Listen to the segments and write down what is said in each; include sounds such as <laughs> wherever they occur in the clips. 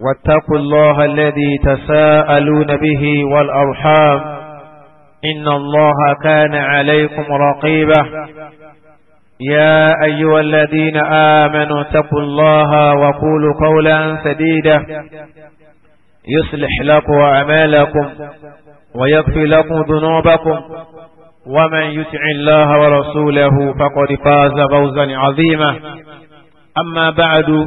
واتقوا الله الذي تساءلون به والأرحام إن الله كان عليكم رقيبا يا أيها الذين آمنوا اتقوا الله وقولوا قولا سديدا يصلح لكم أعمالكم ويغفر لكم ذنوبكم ومن يتع الله ورسوله فقد فاز فوزا عظيما أما بعد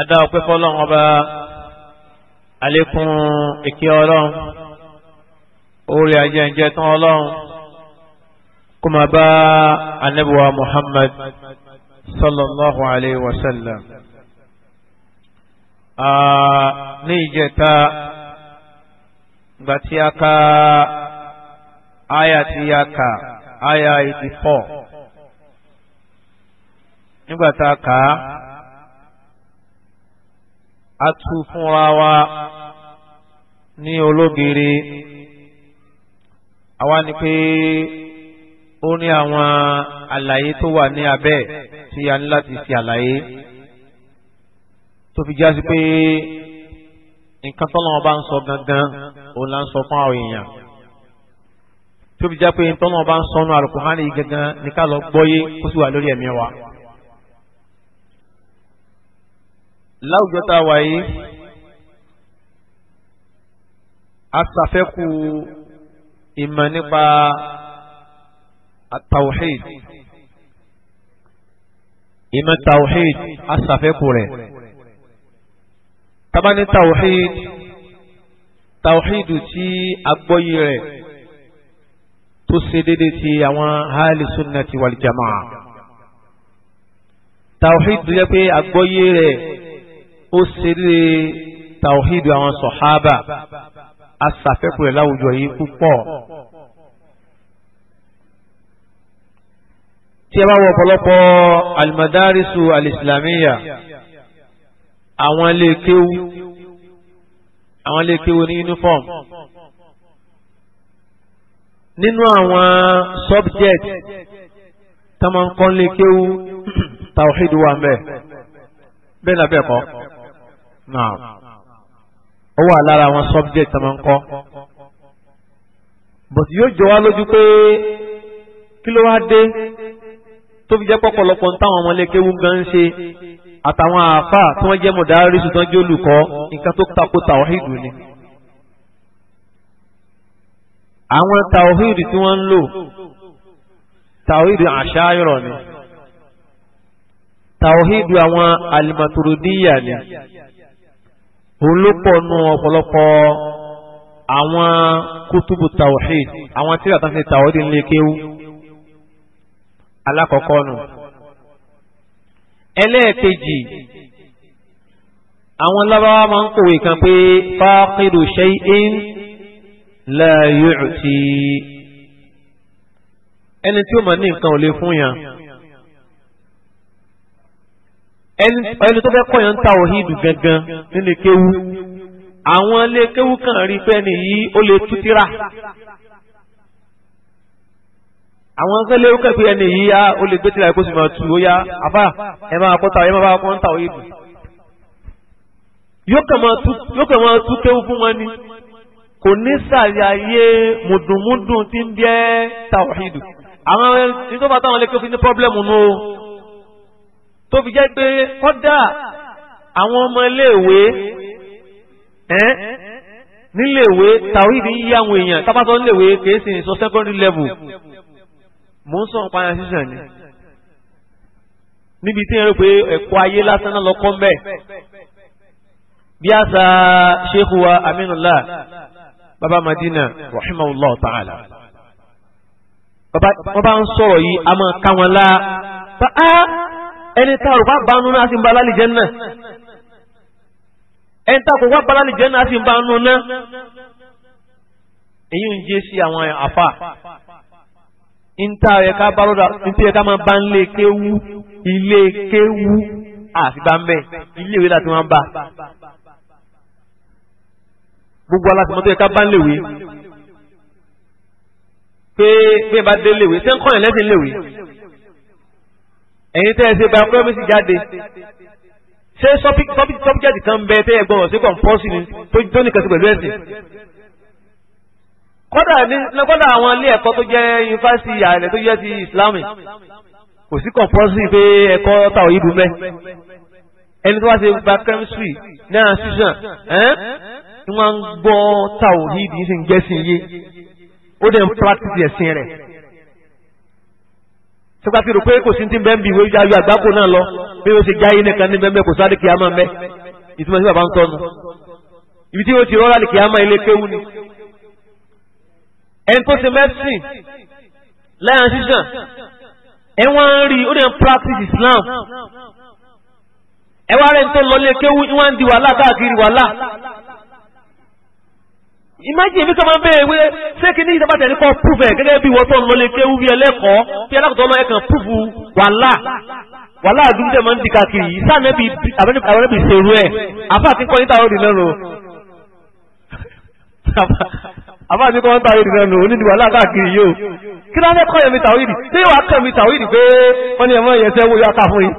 adá ọpẹ́ fọ́lọ́run ọba àlékún ìkẹ́ Ọlọ́run orí ajẹjẹ tán Ọlọ́run kó máa bá anabiwa Muhammad sallallahu alayhi wa sallam ní ìjẹta gbàtí a ka aya tí a kà aya eighty four nígbà tá a kà a wa ní ológiri àwa ni pé ó ní àwọn àlàyé tó wà ní abẹ́ tí a ní láti ṣe àlàyé tó fi já sí pé nǹkan tọ́lọ́wọ́n bá ń sọ gangan òun là ń sọ fún àwọn èèyàn tó fi já pé tọ́lọ́wọ́n bá ń sọ nù àlùkò hánì gangan ní ká lọ gbọ́yé kó sì wà lórí ẹ̀mí wa. láwùjọ tá a wà yìí asàfẹ́kù ìmọ̀ nípa tawhid ìmọ̀ tawhid asàfẹ́kù rẹ̀ tabani tawhid tawhid tí agbóyè rẹ̀ tó ṣe déédéé ti àwọn ahli sunnati wal jamaa tawhid yẹ pé agbóyè rẹ̀ ó ṣeré tàwíìdù àwọn sọ̀hábà aṣàfẹ́kù rẹ̀ láwùjọ yìí púpọ̀. tí a bá wọ ọ̀pọ̀lọpọ̀ alimadarisu alislamiya àwọn ilé àwọn ilé ní uniform nínú àwọn subject tó máa ń kọ́ ilé kéwú náà bẹ́ẹ̀ kọ́ ó wà lára àwọn subject tó máa ń kọ́ but yóò jọ wá lójú pé kí ló wá dé tó fi jẹ́ pọ̀pọ̀lọpọ̀ ń táwọn ọmọlẹ́kẹ́wú gan ń ṣe àtàwọn àáfà tí wọ́n jẹ́ mọ̀dárí ṣùgbọ́n jẹ́ olùkọ́ nǹkan tó tako tàwáhìdù ni. àwọn tàwáhìdù tí wọ́n ń lò tàwáhìdù àṣàyọ̀rọ̀ ni tàwáhìdù àwọn alimaturudiya ni òun ló pọ̀ nù ọ̀pọ̀lọpọ̀ àwọn kútùbù tawhid àwọn tíra tó ń ṣe tawhid ń lè kéwú alákọ̀ọ́kọ́ nù. ẹlẹ́ẹ̀kejì àwọn lábáwá máa ń kòwé kan pé fáàkìdù shay'in la yu'ti ẹni tí ó máa ní nǹkan ò lè fún yàn. ẹni tó fẹ́ kọ́yàn ń ta òhìdù gangan nílé kéwú àwọn ilé kéwú kan rí pé ẹni yìí ó lè tú tírà àwọn akẹ́lẹ́ ó kẹ́kẹ́ ẹni yìí yá ó lè gbé tírà kó sì máa tu ó yá àbá ẹ máa kọ́ta ẹ máa bá wọn ta òhìdù yóò kàn máa tú kéwú fún wọn ni kò ní sàlàyé mùdùnmùdùn tí ń jẹ́ tàwọ̀hìdù àwọn ẹni tó bá táwọn ilé kéwú fi ní pọ́blẹ́mù nù tó fi jẹ́ pé kọ́dà àwọn ọmọ iléèwé níléèwé tàwíìdì ń yí àwọn èèyàn tábàtọ̀ níléèwé kìí sì sọ secondary level mò ń sọ nípa yẹn sísàn ni níbi tí yẹn rò pé ẹ̀kọ́ ayé lásán náà lọ́kọ́ mbẹ́ bí àṣà sheikh wa aminullah baba madina rahimahullah ta'ala baba wọn bá ń sọ̀rọ̀ yìí a máa ká wọn lá bá a ẹni tá òrùpá banú náà sì ń ba lálẹ́ jẹ́ náà ẹni tá òrùpá ba lálẹ́ jẹ́ náà sì ń banú náà èyí ń jẹ́ sí àwọn àfà níta ẹ̀ka balọ̀dà níta ẹ̀ka máa bá ilé kéwú ilé kéwú àfi bá ń bẹ̀ ilé ìwé láti máa bá gbogbo alátìmọ́tò ẹ̀ka bá ń léwé pé bí bá dé léwé ṣé ń kọ́ ẹ̀ lẹ́sìn léwé ẹ̀yin tẹ́ ẹ ṣe bioprimary jáde ṣé sọ́bíjẹ́tì kan bẹ tẹ́ ẹ gbọ́n sí kọ̀ǹpọ́sì ni tó nìkan sí pẹ̀lú ẹ̀sìn kódà ní kódà àwọn ilé ẹ̀kọ́ tó jẹ́ yunifásitì ààrẹ tó jẹ́ ti ìsìlámù kò sí kọ̀ǹpọ́sì pé ẹ̀kọ́ táwọn yìí dùn mẹ́ ẹni tó wá ṣe gba chemistry náà ṣùṣàn ni wọ́n ń gbọ́ táwọn yìí dì í sì ń jẹ́ sí iye ó dẹ̀ ń practice ẹ̀sìn rẹ̀ sọ́kà fi rò pé kò sí ti bẹ́ẹ̀ bí ìwé ayọ̀ àgbákò náà lọ bí ó ṣe jáyé nìkan ní bẹ́ẹ̀ kò sáré kìámà mẹ́ ìtumọ̀ sí bàbá ń tọ́nu ibi tí ó ti rọ́ọ̀lá kìámà ilé kéwú ni. ẹni tó ṣe mẹ́sìn láyà ṣíṣàn ẹ wọ́n ń rí ó dẹ̀ ń practice Islam ẹ wá rẹ̀ ń tó lọ ilé kéwú wọ́n ń di wàhálà káàkiri wàhálà imagine ibi kan máa ń bẹ̀rẹ̀ wé ṣé kí ní ìjọba tẹ̀lé kan prove ẹ̀ gẹ́gẹ́ bí wọ́n tó ń lọlé kéwú bí ẹlẹ́kọ̀ọ́ bí alákòótọ́ lọ ẹ̀kan prove wàhálà wàhálà àdúgbò tẹ̀ máa ń di káàkiri yìí sáà nẹ́bi àwọn ẹ̀bí ṣerú ẹ̀ àfa àti kọ́ níta òdì lẹ́nu àfa àti kọ́ níta òdì lẹ́nu onídìí wàhálà káàkiri yìí o kí ló dé kọ́ yẹn mi tàwídì ṣé wàá kọ́ mi tàwídì pé wọ́n ní ẹ̀mọ́ yẹn sẹ́wọ́ yọ aká fún yín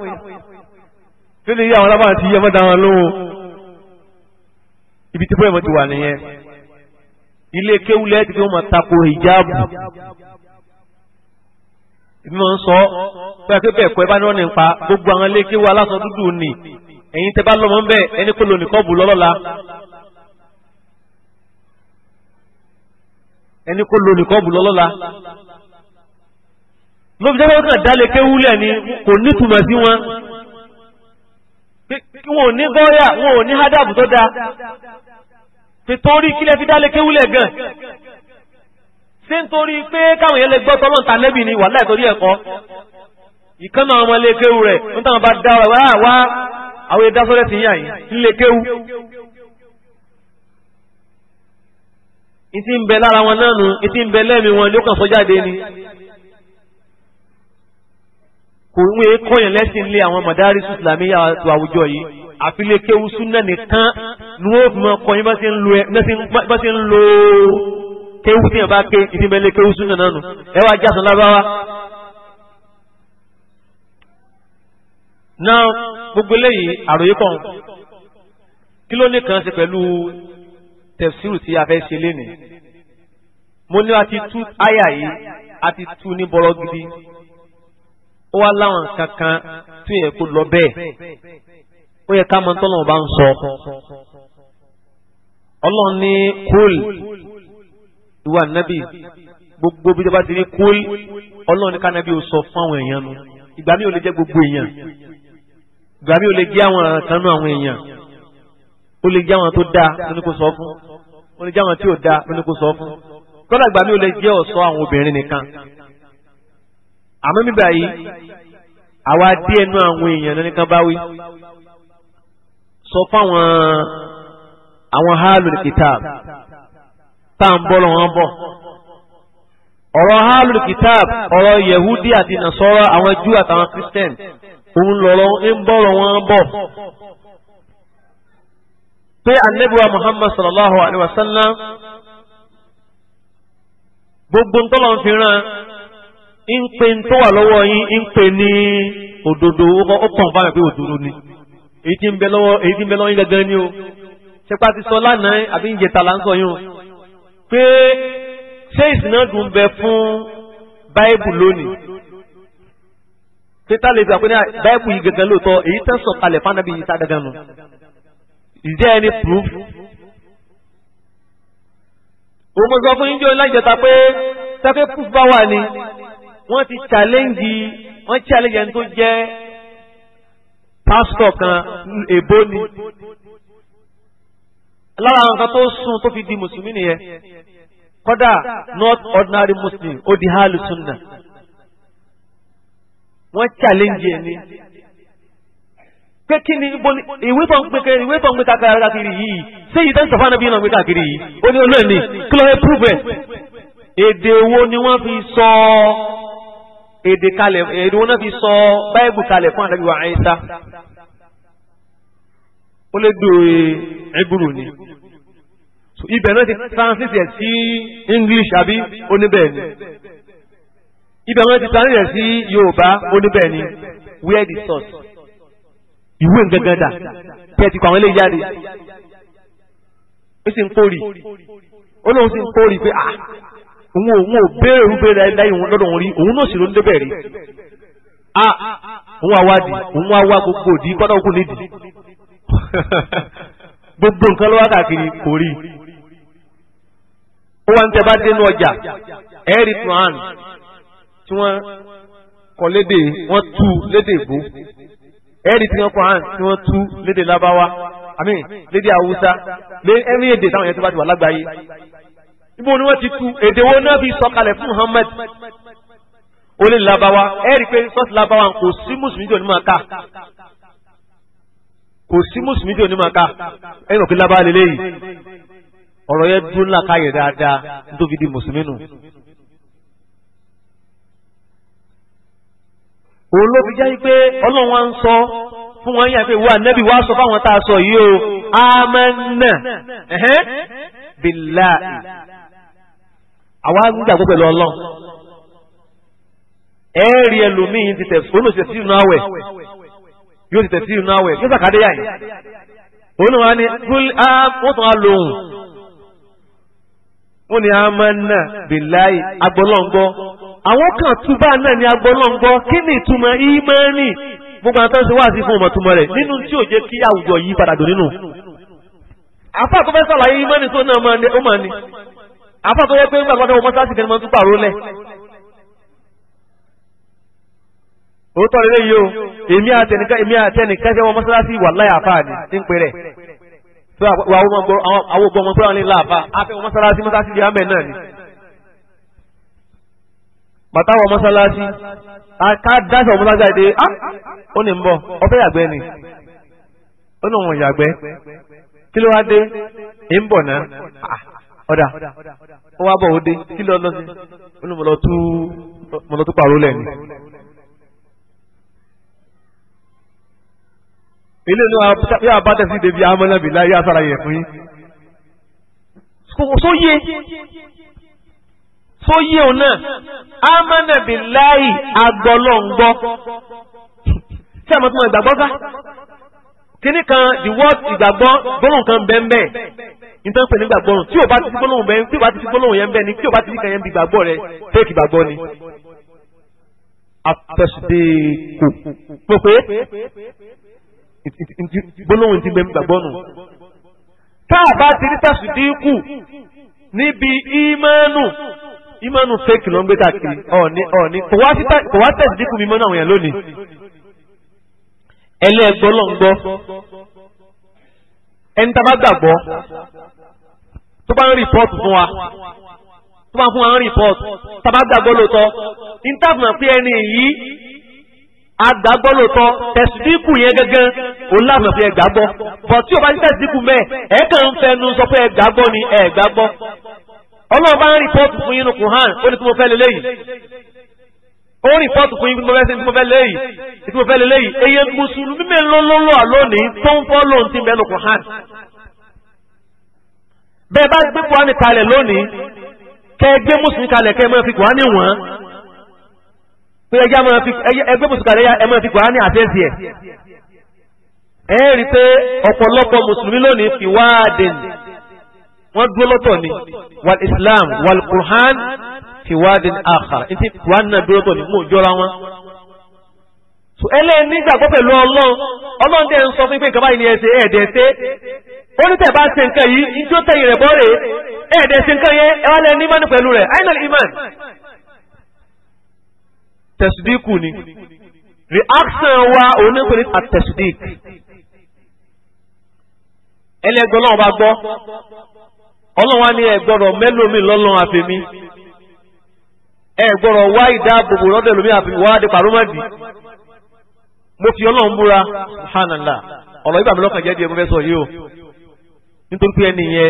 kí ló yẹ àwọn alábàá ti yẹ mọ́ dáhùn lóhùn ibi tí bóyá mo ti wà nìyẹn ilé kéwulẹ̀ ti fi wọn tako hijabu ìbí wọn sọ pé akébẹ̀ ẹ̀kọ́ ẹ bá ní wọn ní pa gbogbo àwọn ilé kéwu aláṣọ dúdú ni ẹ̀yin tẹ́ bá lọ́mọ ń bẹ̀ ẹni kó lo nìkan bù lọ́lọ́la ẹni kó lo nìkan bù lọ́lọ́la lóbi jẹ́ kọ́kàn dálé kéwulẹ̀ ni kò nítumọ̀ sí wọn wọn ò ní gọ́ọ̀yà wọn ò ní hádàbù tó dáa. ṣe torí kílẹ̀ fi dálé kéwúlẹ̀ gan ṣé nítorí pé káwọn yẹn lè gbọ́ tọ́lọ́ǹta lẹ́bì ni wàhálà ìtòrí ẹ̀kọ́ ìkan náà ọmọ ilé kéwú rẹ̀ ń táwọn bá dá ọ̀rọ̀ wá ah, wá àwọn ìdásọ́rẹ́ ti yàn yín ilé kéwú. ìtì ń bẹ lára wọn náà nù ìtì bẹ lẹ́mìí wọn ni kàn sọ jáde ni kò ń wé kọ́yìn lẹ́sìn lé àwọn mọ̀dárí sùsùlámì àwùjọ yìí àfilé kéwú súnà nìkan ni wọ́n fi máa kọ́ yín bá ṣe ń lo kéwú tí yẹn bá ké ìdímẹ́lẹ́ kéwú súnà náà nù ẹ wá jásán lábáwá. náà gbogbo eléyìí àròyé kan kí ló ní kan ṣe pẹ̀lú tẹ̀síìrù tí a fẹ́ ṣe lénìí mo ní a tú àyà yìí a tú ní bọ́rọ́ gidi ó wá láwọn kankan tó yẹ kó lọ bẹ́ẹ̀ ó yẹ ká mọ̀ tọ́lọ́run bá ń sọ ọlọ́run ní kúl ìwà nábì gbogbo bí wọ́n bá ti ní kúl ọlọ́run ní ká nábì ó sọ fún àwọn èèyàn nu ìgbà mi ò lè jẹ́ gbogbo èèyàn ìgbà mi ò lè jẹ́ àwọn kanú àwọn èèyàn ó lè jẹ́ àwọn tó dáa ló ní kó sọ fún ó lè jẹ́ àwọn tí ò dáa ló ní kó sọ fún kọ́lá ìgbà mi ò lè jẹ́ ọ̀ṣọ́ àwọn obìnrin nìkan àmọ́ mi báyìí àwa dé ẹnu àwọn èèyàn lẹ́nìkan bá wí sọ fáwọn àwọn hálùlù kìtàb tá à ń bọ́ lọ́wọ́ bọ̀ ọ̀rọ̀ hálùlù kìtàb ọ̀rọ̀ yehudi àti nasọ́rọ̀ àwọn jù àtàwọn christian òun lọ́rọ̀ ń bọ́ lọ́wọ́ bọ̀ pé anabiwa muhammad sallallahu alaihi wa sallam gbogbo ntọ́lọ̀ ń fi ràn ń pe ń tó wà lọ́wọ́ yín ń pe ní òdodo ó kàn bá mi pé òdodo ni èyí tí ń bẹ lọ́wọ́ èyí tí ń bẹ lọ́wọ́ yín gangan ni o ṣẹpá ti sọ lánàá àbí ń jẹta là ń sọ yín o pé ṣé ìsìnàdùn bẹ fún báìbù lónìí pété àlejò àpẹẹrẹ báìbù yìí gangan lóòótọ́ èyí tẹ́ sọ kalẹ̀ fánábì yìí sá gangan nu is there any proof? O mo sọ fún yín jọ lájọta pé tẹ́fẹ́ proof bá wà ní wọ́n ti challenge wọ́n challenge ẹni tó jẹ́ pásítọ̀ kan èbó ni lára àwọn kan tó sún tó fi di mùsùlùmí nìyẹn kódà not ordinary muslim ó di hàlù sunna wọ́n challenge ẹ̀ ni pé kí ni ìwé tó ń pè kiri ìwé tó ń pè kakiri kakiri yìí ṣé yìí tẹ́sán fún anábìyàn pè kakiri yìí ó ní olóyè ni kí ló prove ẹ̀ èdè wo ni wọ́n fi sọ èdè kalẹ̀ èdè wo náà fi sọ báyìí kalẹ̀ fún anábìyàn àyíṣá ó lè do ẹgbùrù ni so ibẹ̀ náà ti translate ẹ̀ sí English àbí oníbẹ̀ ni ibẹ̀ náà ti translate ẹ̀ sí Yorùbá oníbẹ̀ where the source ìwé ngangan dà tẹ́ ti kọ àwọn eléyìí jáde ó sì ń kórì ó lóun sì ń kórì pé ah òun òun ò béèrè òun béèrè láyé òun lọ́dọ̀ òun rí òun náà sì ló ń débẹ̀ rí ah òun àwádìí òun wá wá gbogbo òdì kọ́dọ̀ òkú nídìí gbogbo nǹkan ló wá káàkiri kò rí ó wá ń tẹ bá dénú ọjà ẹ̀rí quran tí wọ́n kọ lédè wọ́n tú lédè ìbò ẹ̀rí tí wọ́n quran tí wọ́n tú lédè lábáwá àmì lédè haúsá lé ẹ̀rí èdè táwọn yẹn tó bá ti wà lágbàáyé níbo ni wọ́n ti tú èdè wo náà fi sọ̀kalẹ̀ fún Muhammad ó lábáwá ẹ̀rí pé sọ́ọ̀tì lábáwá kò sí mùsùlùmí jọ ní máa ká kò sí mùsùlùmí tí ò ní máa ká ẹ̀yìn òkè lábá lélẹ́ yìí ọ̀rọ̀ yẹn dún ńlá káyè dáadáa nítorí di mùsùlùmí nù. olóbi jáde pé ọlọ́run wa ń sọ fún wọn yà pé wà nẹ́bí wàá sọ fáwọn tá a sọ yìí o amẹ́nà bíláì àwa gbàgbọ́ pẹ̀lú ọlọ́run ẹ̀ẹ́rì ẹlòmíín ti tẹ̀ fónù ṣe sínú àwẹ̀ yóò ti tẹ̀sí inú àwẹ̀ yóò sàkádé yà yìí òun náà wá ní wọ́n tún á lòun wọ́n ní amanna billahi agbọ́lọ́ngbọ́ àwọn kan túbà náà ní agbọ́lọ́ngbọ́ kí ni ìtumọ̀ ìmánì gbogbo àwọn tó ń ṣe wáàsí fún ọmọ túmọ̀ rẹ̀ nínú tí ò jẹ́ kí àwùjọ yìí padà dùn nínú. àfa tó fẹ́ sàlàyé ìmánì tó náà ó máa ní àfa tó yẹ pé ń gbàgbọ́dọ̀ wọn mọ́sáàsì òótọ́ rere yìí o èmi àtẹnìkan èmi àtẹnìkan ṣe wọn mọ́ṣáláṣí wà láyà àfáà ni ń pè rẹ̀ tó àwọn ògbọ́n ọmọ pé wọn lè láàfà afẹ́ wọn mọ́ṣáláṣí mọ́ṣáláṣí di àmẹ́ náà ni. bàtà wọn mọ́ṣáláṣí ká dáṣà wọn mọ́ṣáláṣí àìdè á ó ní ń bọ̀ ọ̀fẹ́ yàgbẹ́ ni ó ní òun yàgbẹ́ kí ló wá dé ẹ̀ ń bọ̀ náà ah, ọ̀dà ó wá bọ̀ ó dé kí ló lọ sí ó ní mo lọ tú pàrọ̀ lẹ́nu. ilé inú yà bá tẹ̀sí débi amọ́nàbí láyé àtàrà yẹ fún yín. sóyè sóyè òun náà amọ́nàbí láyé agbọ́lọ́ngbọ́ tí a mọ̀ tó ìgbàgbọ́ ká kíní kan the word ìgbàgbọ́ gbólóhùn kan bẹ́ẹ̀ bẹ́ẹ̀ nítorí pé nígbàgbọ́ tí o bá ti gbólóhùn bẹ́ẹ̀ tí o bá ti gbólóhùn yẹn bẹ́ẹ̀ ni tí o bá ti kàn yẹn bí gbàgbọ́ rẹ téèkì gbàgbọ́ ni. atẹ́sídẹ́ẹ́kù pé pé gbólóhùn ti bẹ́ẹ̀ gbàgbọ́ nù. tá a bá ti rí tàṣídìkù níbi ìmánù ìmánù fake ló ń gbé káàkiri ọ̀ọ́ni ọ̀ọ́ni kò wá tàṣídìkù mímọ́ náà yẹn lónìí. ẹlẹ́gbọ́ ló ń gbọ́ ẹni tá a bá gbàgbọ́ tó bá ń rìpọ́ọ̀tù fún wa tó bá ń fún wa ń rìpọ́ọ̀tù tá a bá gbàgbọ́ lóòótọ́ ní táàbù pé ẹni yìí agbàgbọ́ lóòótọ́ tẹ̀sídíkù yẹn gẹ́gẹ́ òun láàmú fi ẹgbàgbọ́ bọ̀ tí o bá ti tẹ̀sídíkù mẹ́ ẹ kàn ń fẹnu sọ pé ẹgbàgbọ́ ni ẹgbàgbọ́ ọlọ́run bá ń rìpọ́ọ̀tù fún yín nùkùn hàn ó ní tí mo fẹ́ lélẹ́yìn ó ń rìpọ́ọ̀tù fún yín tí mo fẹ́ sí tí mo fẹ́ lélẹ́yìn tí mo fẹ́ lélẹ́yìn eye mùsùlùmí mi àlónìí tó ń fọ́ lóun ti mẹ́ nùkùn hàn bẹ́ẹ̀ bá gbé kùránì kalẹ̀ lónìí kẹ́ gbé mùsùlùmí kalẹ̀ kẹ́ mọ́ fi kùránì wọ́n pé ẹjá máa fi ẹgbẹ́ mùsùlùmí ẹ máa fi kọ́ á ní àtẹ́sí ẹ̀. ẹ rí i pé ọ̀pọ̀lọpọ̀ mùsùlùmí lónìí fi wáàdìn wọ́n dúró lọ́tọ̀ ni wal islam wal qur'an fi wáàdìn akhar ní ti qur'an náà dúró lọ́tọ̀ ni mò ń jọra wọn. sọ ẹlẹ́yìn nígbàgbọ́ pẹ̀lú ọlọ́run ọlọ́run dẹ̀ ń sọ fún pé nǹkan báyìí ni ẹ ṣe ẹ̀ẹ́dẹ̀ ó ní tẹ̀bá ṣe nǹkan yìí ní tí tẹ̀yìn rẹ̀ bọ́ rèé ẹ̀ẹ́dẹ̀ ṣe nǹkan yẹn ẹ tẹ̀sídíkù ni reaction wa onípe ní àtẹ̀sídík ẹlẹ́gbẹ́ ọlọ́run bá gbọ́ ọlọ́run wa ní ẹ̀gbọ́rọ̀ mẹ́lòmí lọ́lọ́run àfẹ́mí wá ìdáàbòbò lọ́dẹ̀ lómi àfẹ́mí wá dé pàrọ́mọ́dì mo fi ọlọ́run búra subhanallah ọ̀rọ̀ ìgbà mi lọ́kàn jẹ́ díẹ̀ mo fẹ́ sọ yìí o nítorí pé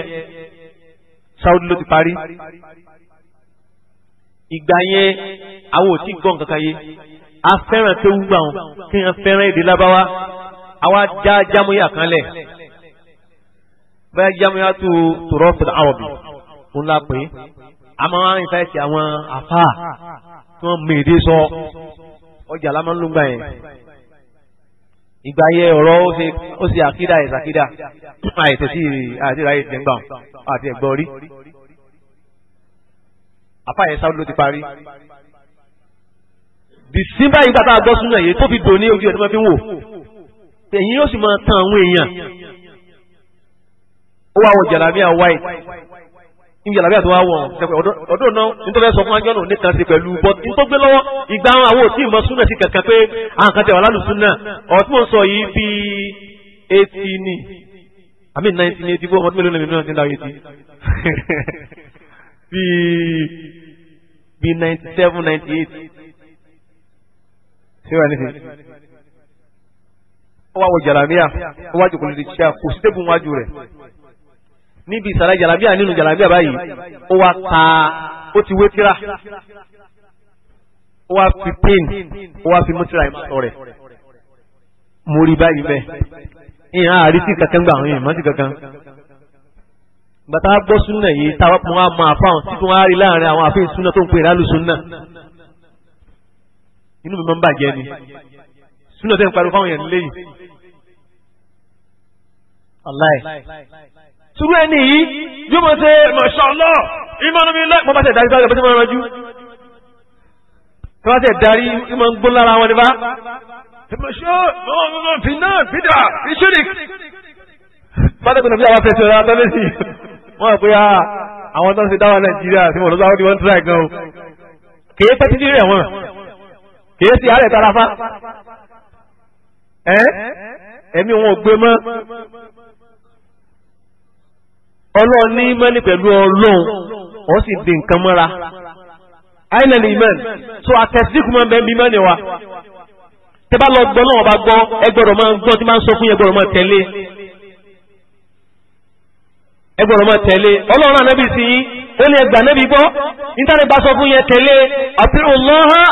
Saudi ló ti àwọn ò tí gbọ́ nǹkan kan yé a fẹ́ràn tó wúgbà wọn kí wọ́n fẹ́ràn èdè lábáwá àwa já jámúyà kan lẹ̀ bẹ́ẹ̀ jámúyà tó tòrọ́ fún àwọn bì ń la pé a máa ń fẹ́ ti àwọn àfáà tí wọ́n mèdè sọ ọjà la máa ń lò gbà yẹn ìgbà yẹ ọ̀rọ̀ ó ṣe àkídà ìsàkídà àìtẹ̀sí àti ìráyè tẹ̀gbà àti ẹ̀gbọ́n rí àfáà yẹn sáwọn ló ti parí dìsímbà yìí gbàtà gbọ́ súnà yìí tó fi dò ní ojú ẹ̀ tó máa fi wò ẹ̀yìn yóò sì máa tan àwọn èèyàn ó wá wọ jàlámíà white níbi jàlámíà tó wá wọ̀ ṣẹ̀pẹ̀ ọ̀dọ́ náà nítorí sọ fún ajọ́nù níta sí pẹ̀lú bọ́ tó gbé lọ́wọ́ ìgbà àwọn òtí ìmọ̀ súnà sí kankan pé àwọn kan tẹ̀ wà lálùsúnà ọ̀tí mò ń sọ yìí bí eighty ni mean nineteen eighty four ọmọdún mélòó lẹ́mìí nineteen eighty bí bí ninety seven ninety eight ṣé wà nífi ó wá wọ jàlámíà ó wá jòkó lórí tíṣà kò sí tébù wájú rẹ̀ níbi ìsàlẹ̀ jàlámíà nínú jàlámíà báyìí ó wá ka ó ti wé tíra ó wá fi pain ó wá fi mú tíra ìmọ̀tọ́ rẹ̀ mo rí báyìí bẹ́ẹ̀ ìhàn àrísí kankan gbà àwọn èèyàn mọ́tì kankan gbàtà gbọ́ súnà yìí táwọn ọmọ àfáwọn títún wá rí láàrin àwọn àfihàn súnà tó ń pè rálù súnà inú mi máa ń bàjẹ́ ni súnà tẹ́ ń pariwo fáwọn èèyàn lẹ́yìn aláì turu ẹni yìí yóò máa ṣe mọ̀ṣọ́lọ́ ìmọ̀nà mi lọ́ ìpọ́n bá ṣe darí sáré ọ̀bẹ tí wọ́n rọjú tí wọ́n ṣe darí ìmọ̀ ń gbóná ara wọn ní bá ìmọ̀ṣọ́ mọ̀ọ́mọ́ fínà fídà ìṣúrí pátákùnà bí àwọn fẹsẹ̀ rẹ̀ abẹ́lẹ́ sí wọ́n rẹ̀ pé ah, àwọn tó ń ṣe dáwà Nàìjíríà tí wọ́n lọ́sọ́ àwọn tí wọ́n ń tíra gan o kèé pẹ́ kìí ṣe àárẹ̀ tara fa ẹ̀mí wọn ò gbé mọ́ ọlọ́run ní mọ́ni pẹ̀lú ọlọ́run wọ́n sì di nǹkan mọ́ra island iman so àtẹ̀síkù máa ń bẹ́ẹ̀ bí mọ́ni wa tẹ́ bá lọ gbọ́ náà wọ́n bá gbọ́ ẹ gbọ́dọ̀ máa ń gbọ́ tí máa ń sọ fún yẹn gbọ́dọ̀ máa tẹ̀lé ẹ gbọ́dọ̀ máa tẹ̀lé ọlọ́run ànábì sí yín ó ní ẹgbàá nábì gbọ́ nítorí bá sọ fún yẹn tẹ̀lé àti ọlọ́hàn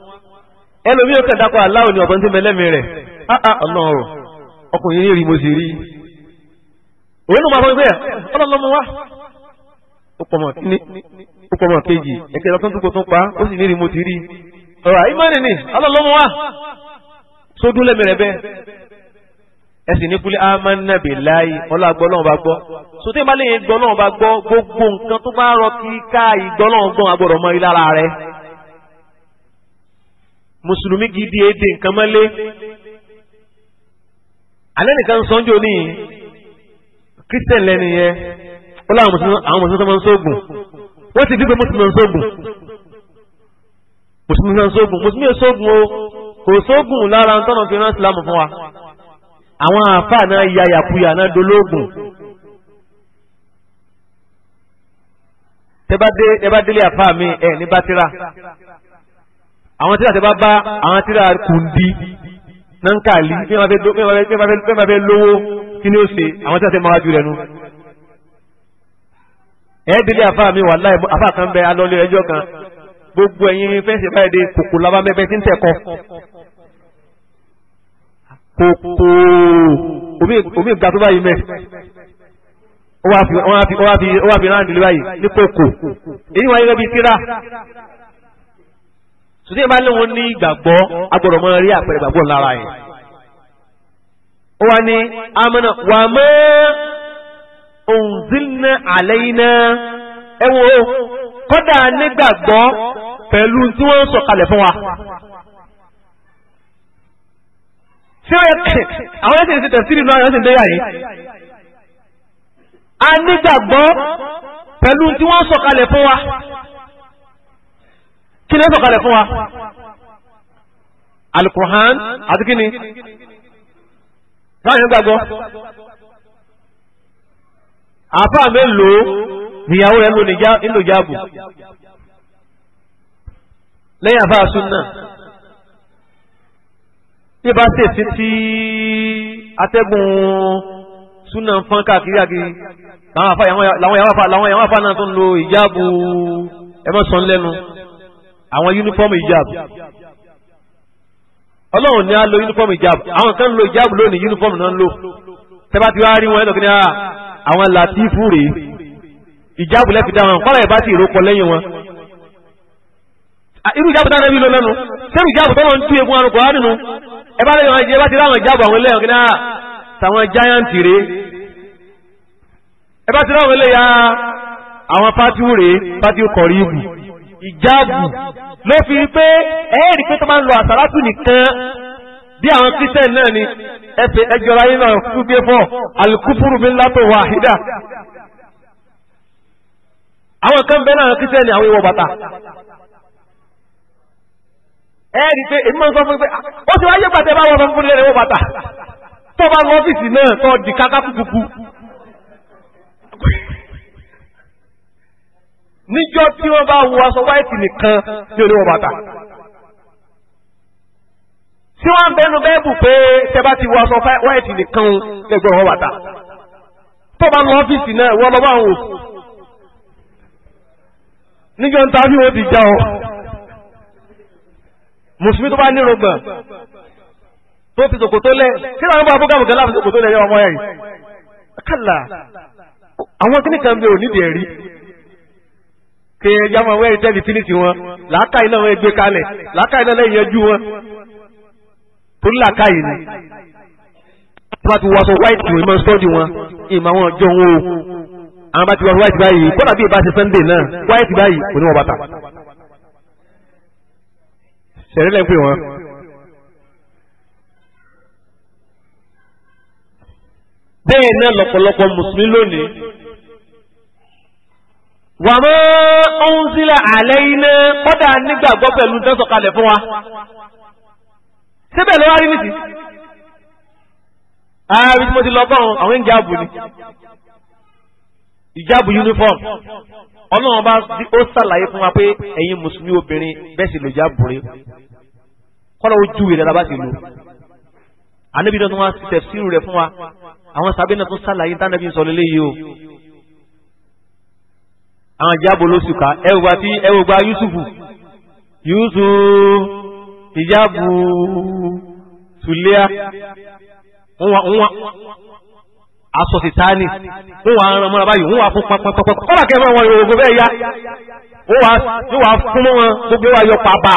ẹlòmí ò kàn dákọ̀ aláwọ̀ ni ọ̀bọ̀n tí mẹlẹ́mi rẹ̀ ah, ah, ọlọ́run ọkùnrin yìí rí mo sì rí òun náà máa fọ́ pé ọlọ́lọ́mọ wá ó pọ̀ mọ́ kejì ẹ̀kẹ́ lọ́tún tó kò tún pa ó sì ní rí mo ti rí ọ̀rọ̀ ìmọ̀ni ni ọlọ́lọ́mọ wá sódún lẹ́mi rẹ̀ bẹ́ẹ̀ ẹsìn ní kúlẹ̀ amánàbè láàyè ọlọ́gbọ́ náà bá gbọ́ sotẹ́ bá lè gbọ́ náà bá gbọ́ gbogbo nǹkan tó bá rọ kí ká ìgbọ́ náà gbọ́n agbọ́dọ̀ mọ́ rí lára rẹ̀ mùsùlùmí gidi èdè nǹkan mọ́lé alẹ́ nìkan sọ́njọ́ ní kírísítẹ̀n lẹ́nu yẹn ó láwọn mùsùlùmí tó máa ń sóògùn wọ́n ti dúpẹ́ mùsùlùmí ń sóògùn mùsùlùmí ń sóògùn mùsùlùmí ń sóògùn o kò sóògùn lára ń tọ́nà fi rán sílámù fún wa àwọn àáfàá náà ya yàkuyà náà dolóògùn tẹ́bá délé àfáà mi ẹ̀ ní bátírà àwọn tíra tẹ bá bá àwọn tíra kùndí nankali bí wọn bá fẹ́ lówó kí ni ó ṣe àwọn tíra tẹ máa ju rẹ nu. ẹ̀ẹ́dìlẹ̀ àfa mi wà láì àfa kan bẹ alọ́lẹ̀ ẹjọ́ kan gbogbo ẹ̀yin fẹ́ǹsì báyìí de kòkò lábá mẹ́fẹ́ tí ń tẹ̀ kọ́. kòkò omi ìgbà tó báyìí mẹ́ ó wá fi ráǹdì lé báyìí ní kòkò èyí wáyé rẹ́ bíi sùdí ìbá lóun ní ìgbàgbọ́ agbọ̀dọ̀ mọ́ rí àpẹẹrẹ ìgbàgbọ́ lára yẹn. ó wá ní amúnà wà mọ́ òǹzílnà àlẹ́yìnà ẹ wo kọ́dà nígbàgbọ́ pẹ̀lú tí wọ́n ń sọ̀kalẹ̀ fún wa. tí ó yẹ kẹ <laughs> àwọn ẹsẹ̀ ìṣẹ̀tẹ̀ sírì náà ẹsẹ̀ ìdẹ́yà yìí. a nígbàgbọ́ pẹ̀lú tí wọ́n ń sọ̀kalẹ̀ fún wa kí ni ó sọ̀kalẹ̀ fún wa alukurhan àti kí ni táwọn èèyàn gbàgbọ́ àáfàá mélòó níyàwó rẹ̀ ń lò jáàbù lẹ́yìn àbá súnà bí bá ṣèṣin tí atẹ́gùn súnà ń fọ́n káàkiri àkiri làwọn yàrá àfa náà tó ń lo ìjáàbù ẹ̀mọ́sán lẹ́nu àwọn uniform hijab ọlọ́run ni a lo yunifọ́ọ̀mù hijab àwọn kan lo hijab lónìí yunifọ́ọ̀mù náà ń lò tẹ́bá ti wá rí wọn ẹlòkìní à ah, àwọn làtífù rèé hijab lẹ́fi dá wọn kọ́lá ìbá ti ìrókọ lẹ́yìn wọn. Ah, irú hijab táwọn ẹbí ló lẹ́nu sẹ́nu hijab tọ́lọ́ ń tú egun arúgbó wá nínú ẹ bá lẹ́yìn wọn ẹ bá ti rí àwọn hijab àwọn ẹlẹ́yìn à ah, tàwọn giant rèé ẹ bá ti rí àwọn ẹlẹ́yà àwọn fatiwu rèé fatiwu kọ̀ọ̀rí ibù ìjáàbù ló fi rí pé ẹ̀ẹ́rì pé tó máa ń lo àsàlátù nìkan bí àwọn christian náà ni ẹ̀fẹ̀ ẹjọ́ra yín náà kú bí fọ́ alukúfúrú mi látò wà hídà. àwọn kan bẹ́ẹ̀ náà christian ni àwọn ìwọ bàtà. ẹ̀ẹ́rì pé èmi máa ń sọ fún mi pé ó ti wáyé gbàtẹ́ bá wọn fún mi lẹ́nu ìwọ bàtà tó bá lọ́fíìsì náà tó di kákákú kúkú níjọ́ tí wọ́n bá wọ aṣọ wáìtì nìkan tí olówó bàtà. tí wọ́n ń bẹnu bẹ́ẹ̀bù pé tẹ́ bá ti wọ aṣọ wáìtì nìkan lẹ́gbẹ̀ẹ́ wọn bàtà. tó bá lọ ọ́fíìsì náà wọ́n lọ bá wọn wò. níjọ́ ń ta fíwọ́ ti já ọ. mùsùlùmí tó bá nírògbọ̀n tó fi sòkòtò lẹ̀ kí ló ń bá abúgàbùgà láti sòkòtò lẹ̀ yọ ọmọ ẹ̀ kálá àwọn kíníkan bí ò nídìí ẹ̀rí kí ẹja máa wẹ́rì tẹ́bi fínísì wọn làákàyè náà wọ́n gbé kalẹ̀ làákàyè náà lẹ́yìn ẹjú wọn torí làákàyè ni wọ́n bá ti wọṣọ white ìwé máa sọ́ọ̀dì wọn ìmọ̀ àwọn ọjọ́ wọn o àwọn bá ti wọ white báyìí kọ́dà bí ìbá ṣe Sunday náà white báyìí kò ní wọ bàtà ṣẹ̀rí lẹ́ ń pè wọ́n. bẹ́ẹ̀ náà lọ́pọ̀lọpọ̀ mùsùlùmí lónìí wà mọ́ ohun sílẹ̀ àlẹ́ iná kọ́dà nígbàgbọ́ pẹ̀lú tẹ́sọ̀kalẹ̀ fún wa síbẹ̀ ló wá rí nìsí ààrẹ tí mo ti lọ bọ́ àwọn ìjáàbù ni ìjáàbù uniform ọlọ́run bá ó sàlàyé fún wa pé ẹ̀yin mùsùlùmí obìnrin bẹ́ẹ̀ sì lò jáàbù rí kọ́lọ̀ ojú rẹ̀ la bá ti lò ànábì náà tún wá ti tẹ̀síìrù rẹ̀ fún wa àwọn sàbẹ̀ náà tún sàlàyé tánàbí sọ lélẹ́yìí o àwọn ìjábò lóṣù ká ẹwùgbà tí ẹwùgbà Yusufu Yusuf ìjábò Sulia aṣọ sitani wọ́n wà ràn mọ́ra báyìí wọ́n wà fún pápápápá kọ́lá kẹfẹ́ wọn yóò gbogbo ẹ̀yà wọ́n wà fún wọn gbogbo wa yọ pàbà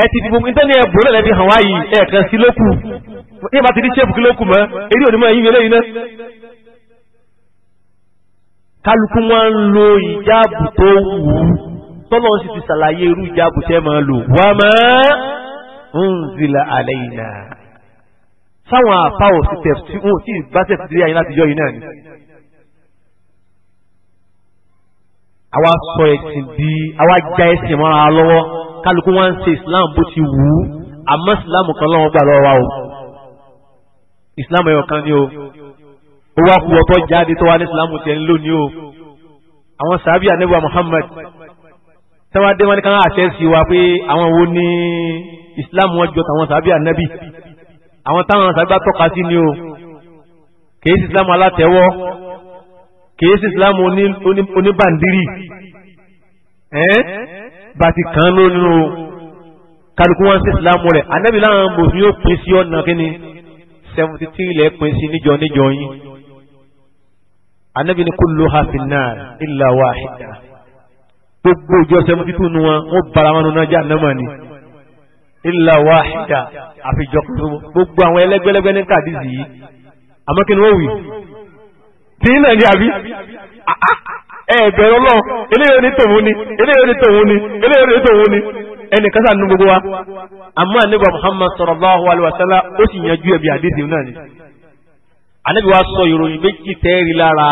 ẹ ti dìbò nítorí ní ẹbùrọ̀ lẹ́lẹ́ fi hàn wáyìí ẹ̀ẹ̀kan sí lókù ní ìbá ti di ṣéèpù kí lókù mọ́ eré òní mọ́ ẹ̀yìn eléyìí náà kálukú wọn ń lo ìjáàbù tó wù ú tọ́lọ́ sì ti ṣàlàyé irú ìjáàbù tẹ́ máa lò wá mọ́ ń zìlà àlẹ́ ìnà sáwọn àfa ò sì tẹ̀ tí wọn ò tí ì bá tẹ̀ sí ayé láti yọ yìí náà ni. àwa sọ ẹ̀sìn di àwa já ẹ̀sìn mọ́ra lọ́wọ́ kálukú wọn ń ṣe Islam bó ti wù ú àmọ́ Islam kan lọ́wọ́ gbà lọ́wọ́ wa o Islam ẹ̀yọ̀ kan ni o ó wá kú ọtọ́ jáde tó wá ní ìsìlámù tiẹ̀ ń lónìí o àwọn sàábì ànábì Muhammad tẹ́wọ́n adé wọn ní káwọn àṣẹ sí wa pé àwọn wo ní ìsìlámù wọn jọ tàwọn sàábì ànábì àwọn táwọn sàábì tọ́ka sí ni o kìí sí ìsìlámù alátẹ̀wọ́ kìí sí ìsìlámù oníbàndírì bàtì kan ló nínú kálukú wọn sí ìsìlámù rẹ̀ ànábì láwọn mùsùlùmí ó pín sí ọ̀nà kínní seventy three ilẹ̀ pín sí níjọ níjọ yín anabi ni kulluha finnar illa wahida gbogbo ìjọ sẹ́mọ́tì tó nu wọn wọ́n bara wọn nínú ajá nàmọ́ ni illa wahida àfijọ́ gbogbo àwọn ẹlẹ́gbẹ́lẹ́gbẹ́ ní kàdízì yìí àmọ́ kí ni wọ́n wì tí ń nàní àbí ẹ̀ẹ́dẹ̀rọ lọ eléyìí ni tòun ni eléyìí ni tòun ni eléyìí ni tòun ni ẹnìkan sànú gbogbo wa àmọ́ àníbọ̀ Muhammad sallallahu alaihi wasallam ó sì yanjú ẹ̀bi àdéhìí náà ni anabi wa sọ ìròyìn méjì tẹ́ẹ̀rí lára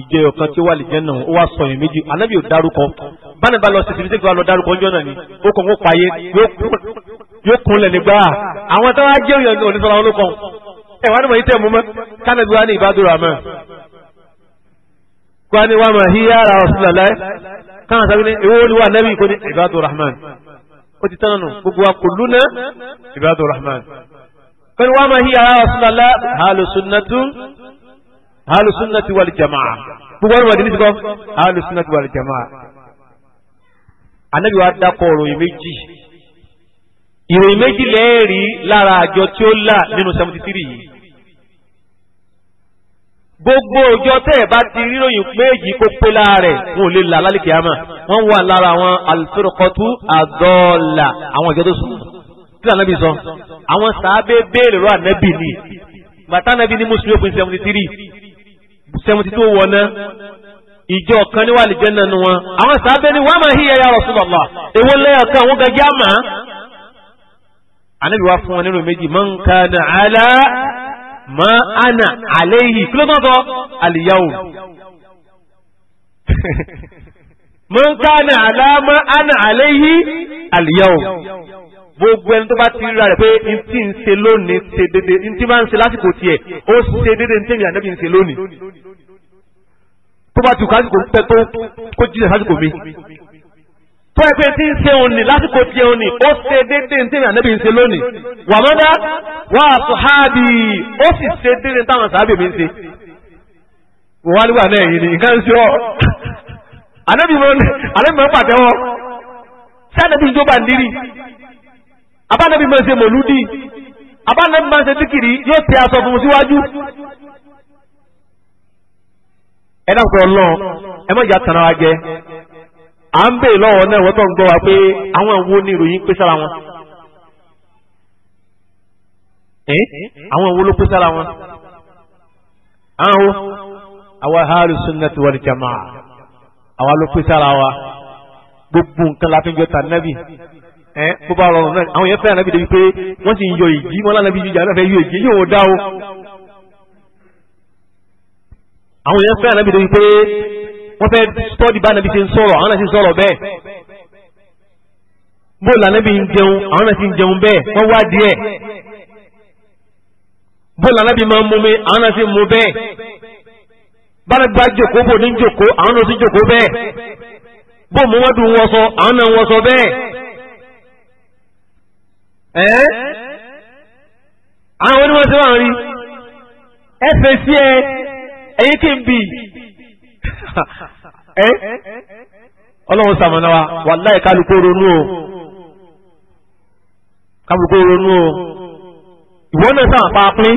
ìjẹyọ kan tí ó wà lè jẹ́ náà ó wá sọ ìròyìn méjì anabi ò dárúkọ báni bá lọ sí tìbítí kí wàá lọ dárúkọ ọjọ́ náà ni ó kàn ó payé yóò kúnlẹ̀ nígbà àwọn tó wá jẹ́ ìyọ̀nù onísọ̀rọ̀ olókan ẹ̀ wá ní mọ̀ yìí tẹ̀ mú mọ́ kánàbí wa ní ìbádùn rà mọ́ kí wàá ní wàá híyá ara ọ̀sùn lálẹ́ káwọn sábẹ́ ní ewé olúwa nẹ́bí kò ní ìbádùn rahman ó ti tán nù gbogbo wa kulluna ìbádùn rahman pẹ̀lú wa هي hiya rasulala alusunnatu حال wal jamaa gbogbo ọdún wàdí nísìkọ́ alusunnati wal jamaa anabi wa dapọ̀ ìròyìn méjì ìròyìn méjì lẹ́ẹ̀rí lára àjọ tí ó là nínú seventy three yìí gbogbo ọjọ́ tẹ́ ẹ̀ bá ti ríròyìn péjì kó pé láàrẹ̀ wọn ò lè là lálẹ́ kìámà wọ́n wà lára àwọn alifirikọ́tù àdọ́ọ̀là àwọn ìjọ tó sùn kí lànà bí sọ àwọn sàábé béèrè rọ ànábì ni bàtà ànábì ní mùsùlùmí òpin seventy three seventy two wọ̀nà ìjọ kan níwà lè jẹ́ nínú wọn àwọn sàábé ni wọ́n máa híyà ya Rasulullah èwo lẹ́yìn kan àwọn gàgé àmà ànábì wá fún wọn nínú méjì man kana ala ma ana alayhi kí ló tọ́ sọ al-yawm <laughs> man kana ala ma ana alayhi al-yawm gbogbo ẹni tó bá ti ríra rẹ̀ pé n tí ń ṣe lónìí ṣe dédé n tí máa ń ṣe lásìkò tiẹ̀ ó ṣe dédé ní tèmi ànábì ń ṣe lónìí tó bá ti kọ pẹ́ tó kó jíjẹ lásìkò mi tó ẹ pé tí ń ṣe òní lásìkò tiẹ̀ òní ó ṣe dédé ní tèmi ànábì ń ṣe lónìí wà mọ́dá wà sùhábì ó sì ṣe dédé ní táwọn sàábì mi ń ṣe wọ́n wá nígbà náà yìí ni nǹkan ṣe ọ́ ànábì mọ́ pàtẹ́wọ́ sí abánabi máa ń ṣe mòlúdì abánabi máa ń ṣe díkìrì yóò tẹ aṣọ fún un síwájú. ẹ dákun ọlọ́run ẹ má jà tàn ara jẹ à ń bè lọ́wọ́ náà wọ́n tó ń gbọ́ wa pé àwọn ìwo ni ìròyìn pé sára wọn. àwọn ìwo ló pé sára wọn. àwọn àwọn ahlu sunnati wal jamaa àwa ló pé sára wa gbogbo nǹkan la ń jọ tà ẹ bó bá náà àwọn yẹn débi pé yọ wọn jíjà náà yọ yóò dá o. àwọn yẹn débi pé bá ṣe ń sọ̀rọ̀ àwọn náà ń sọ̀rọ̀ bẹ́ẹ̀. bó ń jẹun àwọn náà ń jẹun bẹ́ẹ̀ wọ́n wá díẹ̀. bó máa ń àwọn náà ń bẹ́ẹ̀. jòkó bò ní jòkó àwọn náà jòkó bẹ́ẹ̀. bó ẹ́ àwọn onímọ̀ tí rí sí ẹ ẹ̀yìn kí n bì <laughs> ẹ́ ọlọ́run wa ronú o ronú o ìwọ náà pa pín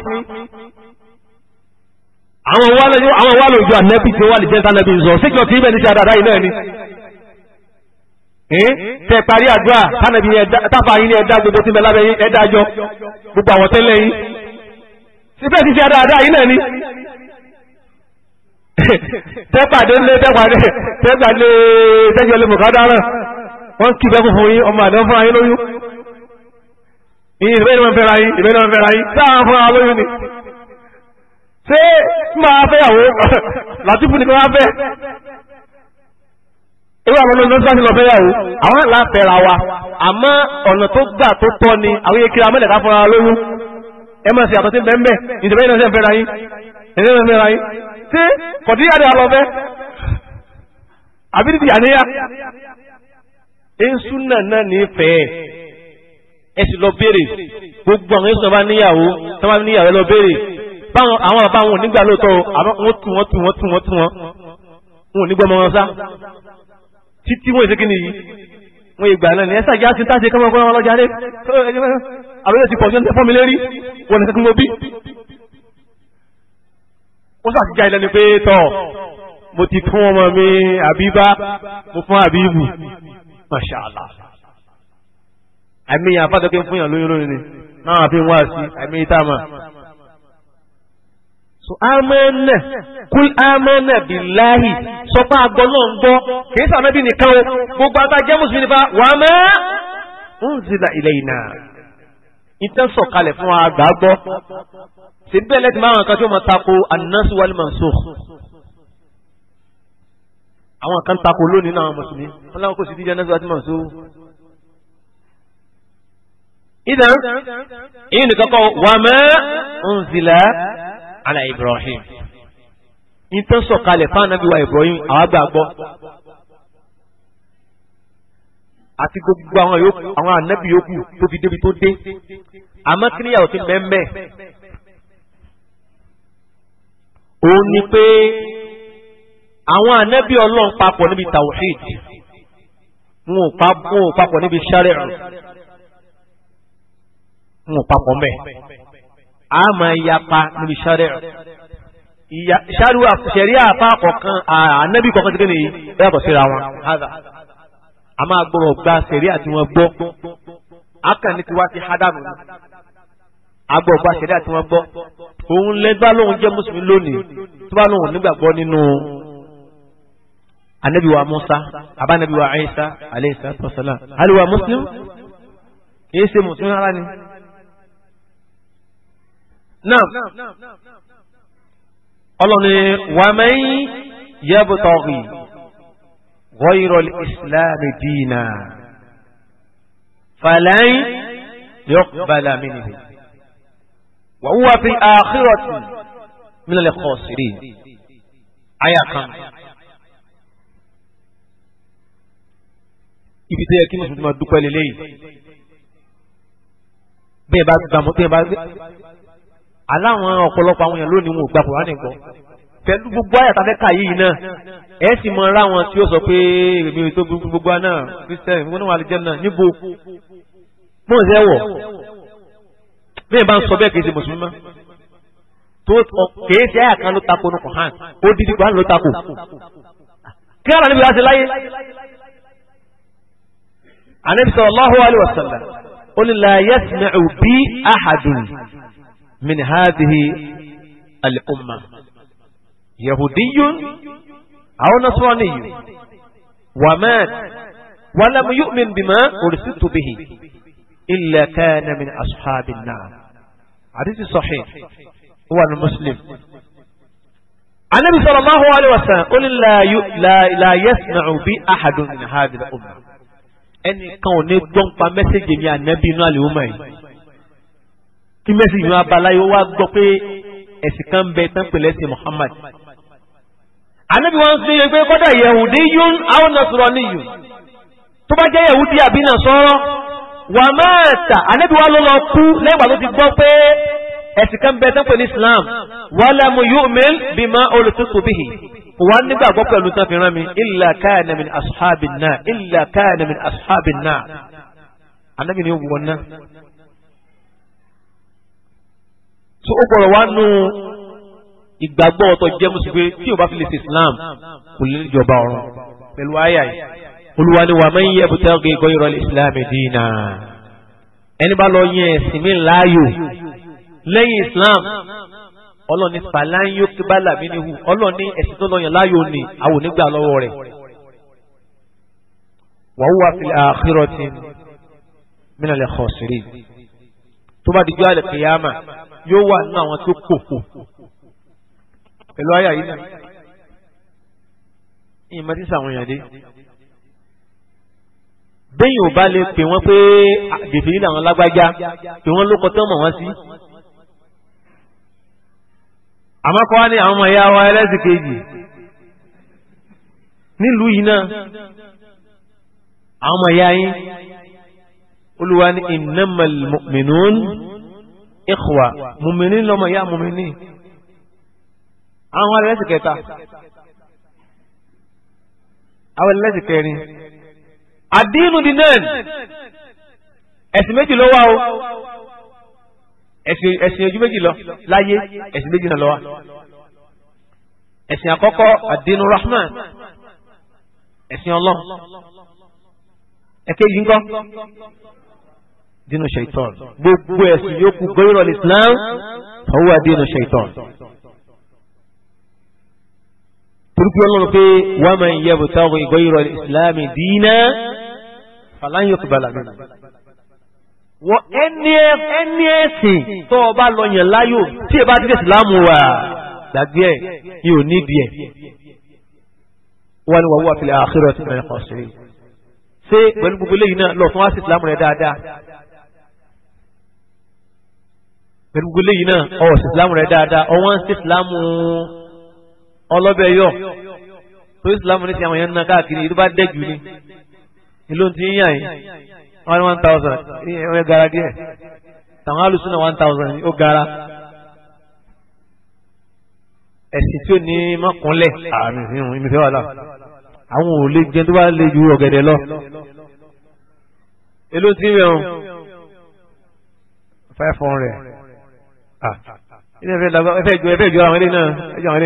àwọn wà lójú ànẹ́bí tí wà lè jẹ́ sànẹ́bí tí ibẹ̀ ní ti yìí náà ni. Eh? tẹ parí àdúrà tánàbí táfà yín ní ẹ̀dá gbogbo tí ń bẹ lábẹ́ yín ẹ̀dá jọ gbogbo àwọn tẹ́lẹ̀ yín síbẹ̀ ti ṣe dáadáa yín náà ni <laughs> tẹ́pàdé lé tẹ́pàdé tẹ́pàdé tẹ́jọ́ lé mọ̀kádá náà wọ́n kí bẹ́ẹ̀ kó fún yín ọmọ àdán fún ayé lóyún ìyìn ìbẹ́ni wọn fẹ́ra yín ìbẹ́ni wọn fẹ́ra yín sáà fún ara lóyún ni ṣé máa fẹ́yàwó làtúfù nìkan wá fẹ́ <laughs> irú àwọn olóòtú bá ti lọ fẹ́yàwó àwọn àlàáfẹ́ra wa àmọ́ ọ̀nà tó gbà tó tọ́ ni àwọn ekiri amẹ́lẹ̀ ká fọ́nra lóyún ẹ máa ṣe àtọ́ sí bẹ́ẹ̀ bẹ́ẹ̀ ìjọba yìí náà ṣe ń fẹ́ra yín ẹ̀ṣẹ́ ń fẹ́ra yín ṣé kọ̀díyàdé alọ́fẹ́ àbí ti àníyá ẹ̀ńsú náà náà ní fẹ́ẹ́ ẹ sì lọ béèrè gbogbo àwọn ẹ̀sùn bá níyàwó tó bá níyàwó lọ béèrè àwọn àbá wọn ò nígbà lóòótọ́ wọn tù wọn tù wọn tù wọn tù wọn wọn ò nígbà ọmọ wọn sá títí wọ́n ìṣèkí nìyí wọ́n ìgbà náà ni ẹ ṣàjá sí táṣe kọ́mọ kọ́mọ ọlọ́jà rẹ àbẹ̀rẹ̀ ti pọ̀ jọ́ntẹ́ fọ́n mi lérí wọ́n nìkan mo bí. ó ṣàtijọ́ ilẹ̀ ni pé tọ̀ mo ti fún ọmọ mi àbíbá mo fún àbíbù màṣàlá. àmì yàn afádọ́kẹ́ fún yàn lóyún lóyún ni náà àfi wá sí àmì ìtààmà so amẹ́nà kúl amẹ́nà bíláhì sọ pé àgbọ̀ náà ń gbọ́ kìí sàmẹ́bí nìkan o gbogbo abájẹ́ mùsùlùmí nípa wàá mẹ́ ń zìlà ilẹ̀ ìnà ìtàn sọ̀kalẹ̀ fún àgbà gbọ́ ṣe bẹ́ẹ̀ lẹ́tì máa kan tí ó máa tako annas wal mansukh àwọn kan tako lónìí náà mùsùlùmí wọn láwọn kò sí dídí annas wal mansukh ìdán ìyìn nìkan kọ wàá mẹ́ ń zìlà ala Ibrahim nítorí sọ̀kalẹ̀ fún anabi wa Ibrahim àwa gbàgbọ́ àti gbogbo àwọn yòókù àwọn anabi yòókù tó fi débi tó dé àmọ́ kí níyàwó ti mẹ́mẹ́ òun ni pé àwọn anabi ọlọ́run papọ̀ níbi tawhid wọn ò papọ̀ níbi shari'u wọn ò papọ̀ mẹ́ẹ̀ a máa yapa níbi sáré ṣáàrù ṣẹ̀rí àfa kọ̀ọ̀kan ànábì kọ̀ọ̀kan ti kéde yìí yàtọ̀ síra wọn. a máa gbọ́rọ̀ gba ṣẹ̀rí àti wọn gbọ́ akànnì tiwa ti hádàmù ni agbọ̀gba ṣẹ̀rí àti wọn gbọ́ òun lẹ́gbàá lóun jẹ́ mùsùlùmí lónìí tó bá lóun nígbàgbọ́ nínú anabi wa Musa abanabi wa Isa aleyhi salatu wa salam hali muslim kì í ṣe mùsùlùmí ara ni náà ọlọ́ni wàmẹ́yìn yẹ́bùtọ́rì ghayril ìsìláàmì dínà fàlẹ́yìn yuqbala minhu wa huwa fil akhirati minal khasirin àyà kan. ibi tó yẹ kí mùsùlùmí máa dúpẹ́ lélẹ́yìn bẹ́ẹ̀ bá gbàmọ́ bá aláwọn ọ̀pọ̀lọpọ̀ àwọn èèyàn lónìí wọn ò gba kùránì gbọ́ pẹ̀lú gbogbo àyàtà fẹ́ka yìí náà ẹ sì mọ ra wọn tí ó sọ pé èmi tó gbogbo àná kristian ìwọ náà wà náà níbo mọ̀ ṣẹ́ wọ̀ bí bá ń sọ bẹ́ẹ̀ kì í ṣe mùsùlùmí mọ́ tó kìí ṣe àyà kan ló tako nù kọ̀hán ó dídí kọ̀hán ló tako kí ara níbi láti láyé Ànábì sallallahu alaihi wasallam ó من هذه الأمة يهودي أو نصراني ومات ولم يؤمن بما أرسلت به إلا كان من أصحاب النار حديث صحيح هو المسلم النبي صلى الله عليه وسلم قل لا لا, لا يسمع بي أحد من هذه الأمة أن كوني دون مسجد يا نبي نالي kí mẹ́sì yìí wọn abalaye wa gbọ́ pé ẹ̀sìn kan bẹ tán pèlè sí Muhammad anabi wọn sọ yẹn pé kọ́dà yẹ̀hùdí yún àwọn nàṣọ̀rọ̀ níyùn tó bá jẹ́ yẹ̀hùdí àbí nàṣọ̀rọ̀ wà máa tà anabi wọn lọ lọ kú lẹ́gbà tó ti gbọ́ pé ẹ̀sìn kan bẹ tán pèlè Islam wàlámù yu'min bima olùtútù bìhì wà nígbàgbọ́ pẹ̀lú tán fi rán mi illa kana min ashabin nar illa kana min ashabin nar anabi ni ó wọ náà. so ó gbọ́dọ̀ wá nù ìgbàgbọ́ ọ̀tọ̀ jẹ́ mùsùlùmí tí o bá fi lè ṣe Islam kò lè jọba ọ̀run pẹ̀lú àyà yìí Olúwa ni wàá mẹ́yìn ẹ̀bùtẹ́ ọ̀gẹ́ ìgọ́ ìrọ̀lẹ́ Islam dínà ẹni bá lọ yẹn ẹ̀sìn mi láàyò lẹ́yìn Islam ọlọ́ni fàlàyé kíbálà mi níhu ọlọ́ni ẹ̀sìn tó lọ yẹn láàyò ni àwọn onígbà lọ́wọ́ rẹ̀ wàá wà fi àkírọ̀tì mí tó bá dijú àlẹ kìyàmà yóò wà nínú àwọn tó kòkò pẹ̀lú àyà yìí náà ìmọ̀ tí sàwọn èèyàn dé bẹ́yìn ò bá lè pè wọ́n pé gèfèrí làwọn lágbájá pé wọ́n ló kọtọ́ mọ̀ wọ́n sí. àmọ́ kọ́ wá ní àwọn ọmọ ìyá wa ẹlẹ́sìn kejì nílùú yìí náà àwọn ọmọ ìyá yín olúwa ní innamal mu'minun ikhwa mùmìnì lọ́mọ ìyá mùmìnì àwọn alẹ́sì kẹta àwọn alẹ́sì kẹrin àdínú di náà ẹ̀sìn méjì ló wá o ẹ̀sìn ojú méjì lọ láyé ẹ̀sìn méjì náà lọ wá ẹ̀sìn àkọ́kọ́ àdínú rahman ẹ̀sìn ọlọ́run ẹ̀kejì ńkọ́ dínú ṣèitán gbogbo ẹ̀sìn yòókù gbẹ́rọ̀ islam fọwọ́ dínú ṣèitán. turkey ọlọ́run pé wọ́n máa ń yẹ bùtáwọn ìgbẹ́rọ̀ islam dínà fàlàyé tó bala mi. wọ́n ẹni ẹ̀sìn tó o bá lọ yàn láyò tí ẹ bá dídé islam ni wọ́n wà fìlẹ̀ àkérò ẹ̀ tó sí i pẹ̀lú gbogbo eléyìí náà lọ fún wa sí rẹ̀ dáadáa pẹ̀lú gbogbo eléyìí náà ọ̀ sí islam rẹ̀ dáadáa ọwọ́n sí islam ọlọ́bẹ̀ yọ tó islam ní ti àwọn yẹn ń ná káàkiri ìlú bá dẹ́jú ni ìlú ti ń yàn yín one one thousand ẹ gara díẹ̀ tàwọn alùsùn náà one thousand ó gara ẹ̀sìn tí ò ní mọ́kànlẹ̀ àmì ìhun ìmìfẹ́ wà láà àwọn ò lè jẹ tó bá lè ju ọ̀gẹ̀dẹ̀ lọ èló tí ń yàn five hundred ilé ah. ẹ̀fẹ́ dàgbà ẹ̀fẹ́ jọ ẹ̀fẹ́ jọ àwọn ilé náà ẹ̀jọ̀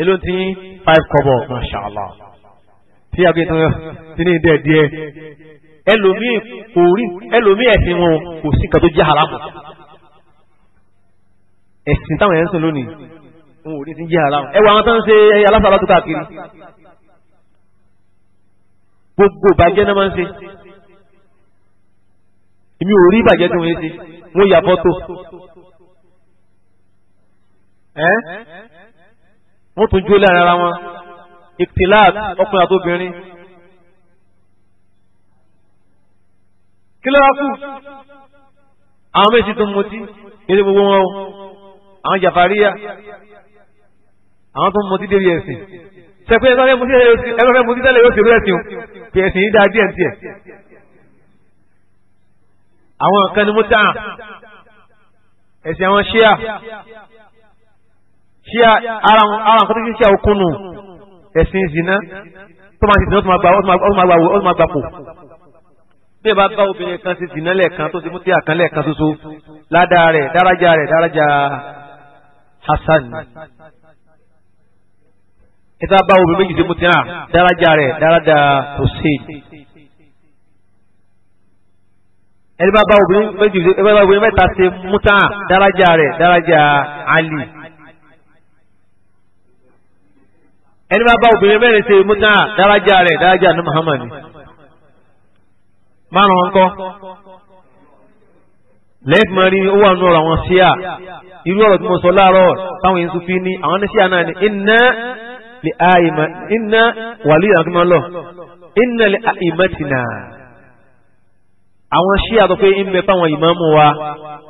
èló ti yín five kọ́bọ̀ mashallah tí a gbé tán ti ní ìdẹ́ díẹ̀ ẹlòmíì kò rí ẹlòmíì ẹ̀sìn wọn kò sí nǹkan tó jẹ́ haramu ẹ̀sìn táwọn ẹ̀ ń sìn lónìí wọn ò ní ti jẹ́ haramu ẹwà àwọn tó ń ṣe aláfàlátù káàkiri gbogbo ìbàjẹ́ náà máa ń ṣe èmi ò rí ìbàjẹ́ tí wọ́n ṣe wọ́n ya fọ́tò ẹ́ wọ́n tún jó lára ara wọn ìtìláàt ọkùnrin àtòbìnrin kí ló wá kù àwọn méjì tó ń mutí nílé gbogbo wọn o àwọn jàfàríyà àwọn tó ń mutí débi ẹ̀sìn sẹ́pẹ́ ẹ̀rọ fẹ́ mutí tẹ́lẹ̀ yóò ṣe rú ẹ̀sìn o pé ẹ̀sìn yìí dáa díẹ̀ díẹ̀ àwọn nǹkan ni mútà ẹ̀sìn àwọn ṣíà ṣíà ara nǹkan tó ṣe ṣíà okunu ẹ̀sìn ìzìnà tó máa ti dùn ó tún máa gbà pò bí ẹ bá bá obìnrin kan ti dìnnà lẹ́ẹ̀kan tó ti mú tí àkàn lẹ́ẹ̀kan ṣoṣo ládàá rẹ̀ dárájà rẹ̀ dárájà hasan ẹ bá bá obìnrin méjì ti mú tí à dárájà rẹ̀ dárájà hussein ẹni bá bá obìnrin méjì ẹni bá bá obìnrin mẹ́ta ṣe mútà dáràjà rẹ̀ dáràjà ali ẹni bá bá obìnrin mẹ́rin ṣe mútà dáràjà rẹ̀ dáràjà ní muhammadu márùn ńkọ́ lẹ́yìn mọ́ rí owó àwọn ọ̀rọ̀ àwọn ṣíà irú ọ̀rọ̀ tí mo sọ láàárọ̀ táwọn yẹn fi ní àwọn ní náà ni iná lè àìmọ̀ iná wàlúù yàrá lọ iná lè àìmọ̀ tì àwọn ṣíà tó pé ń fáwọn ìmáàmù wa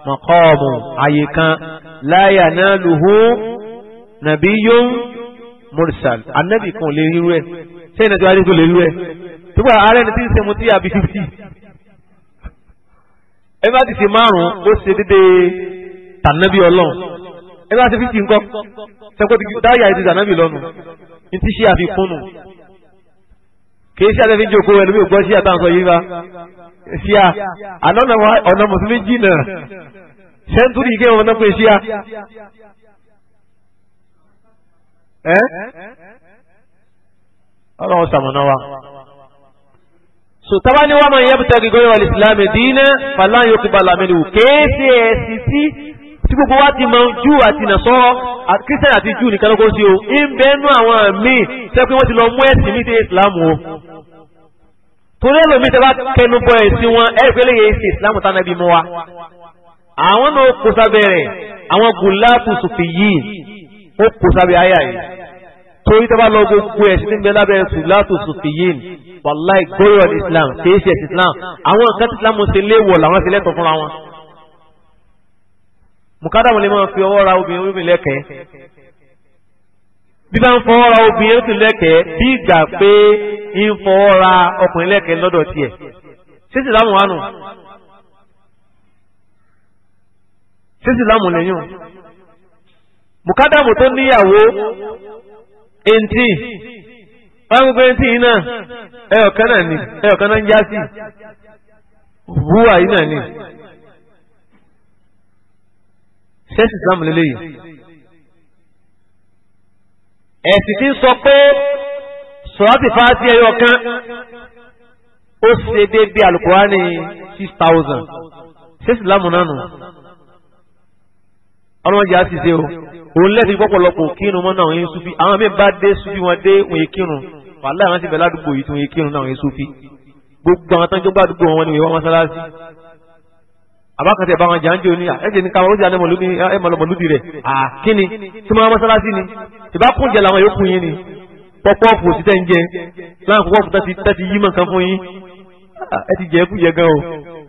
maqamu àyè kan la yanaluhu nabiyyun mursal anabi kan lè rírú ẹ sẹ́yìn náà tí wàá rí tó lè rírú ẹ tó bá ara ẹni tí ń ṣe mu tí àbí fífi ẹ bá ti ṣe márùn ó ṣe déédéé tànàbí ọlọ́run ẹ bá ti fi ti ń ti dáyà ti tànàbí lọ́nu ní ti ṣe àfikún nù kì í ṣe àtẹ́fíjì òkú ẹlòmíì ṣíà àná ọ̀nà mùsùlùmí jìnnà sẹ́ńtúrì kí wọn náà pè ṣíà. ọlọ́run sàmùnà wa. so tábà ni wàá máa yẹ bùtẹ́ gígọ́ ìwà ìsìlámù dínà fàlàyé òkè balamẹ́lì wò kéèsì ẹ̀ sì sí tí gbogbo wa ti mọ jù àti nàṣọ́rọ́ kírísítẹ́nì àti jù nìkan ló kó sí o ń bẹ́ẹ̀ nú àwọn míì sẹ́kùn wọ́n ti lọ mú ẹ̀sìn mi sí ìsìlámù o torí ẹlòmí tẹ bá kẹnu bọ ẹ̀sìn wọn ẹ rí pé lẹ́yìn ẹ̀sìn islam tánàbí mú wa àwọn náà kó sábẹ́ rẹ̀ àwọn gùláàtù sùfì yìí ó kó sábẹ́ ayà yìí torí tẹ bá lọ gbogbo ẹ̀sìn tí ń bẹ lábẹ́ gùláàtù sùfì yìí wàláì gbóyọ̀ ní islam kì í ṣe islam àwọn nǹkan tí islam ṣe léèwọ̀ làwọn ṣe lẹ́tọ̀ọ́ fúnra wọn. mùkádàmù lè máa fi ọwọ́ ra obìnrin lẹ́kẹ̀ẹ́ bí bá ń fọwọ́ ra obìnrin tó lẹ́kẹ̀ẹ́ bí ìgbà pé ń fọwọ́ ra ọkùnrin lẹ́kẹ̀ẹ́ lọ́dọ̀ tiẹ̀ ṣé sì lámù wánu ṣé sì lámù lẹ́yìn bùkádàmù tó níyàwó eǹtì wọ́n gbogbo eǹtì yìí náà ẹyọ̀kan náà ni ẹyọ̀kan náà ń já sí wúwà yìí náà ni ṣé sì lámù lélẹ́yìn ẹ̀sìn tí ń sọ pé sọ̀rọ̀tì fásitì ẹyọ kan ó ṣe déédéé alukurani six thousand ṣé ìsìlámù náà nù ọlọ́mọdé á sì ṣe o òun lẹ́sìn pọ́pọ̀lọpọ̀ kírun mọ́ náà ń sufi àwọn míì bá dé sufi wọn dé òun kírun wàhálà àwọn ti bẹ̀ ládùúgbò yìí tó ń kírun náà ń sufi gbogbo àwọn tó ń jọgbà àdúgbò wọn ni wọ́n mọ́sálásí abakata ìbá wọn jà ń jò ní ẹsẹ ní káwọn ó jà ní mọlúdi ah, ẹ mọlúdi rẹ ah, àkíní tí wọn mọsálásí ni ìbá kún jẹ làwọn yòókù yín ni pọpọọfù òsì tẹ ń jẹ láwọn pọpọọfù tẹ ti tẹ ti yí mọ nǹkan fún yín ah, ẹ ti jẹ ẹkú yẹ gan o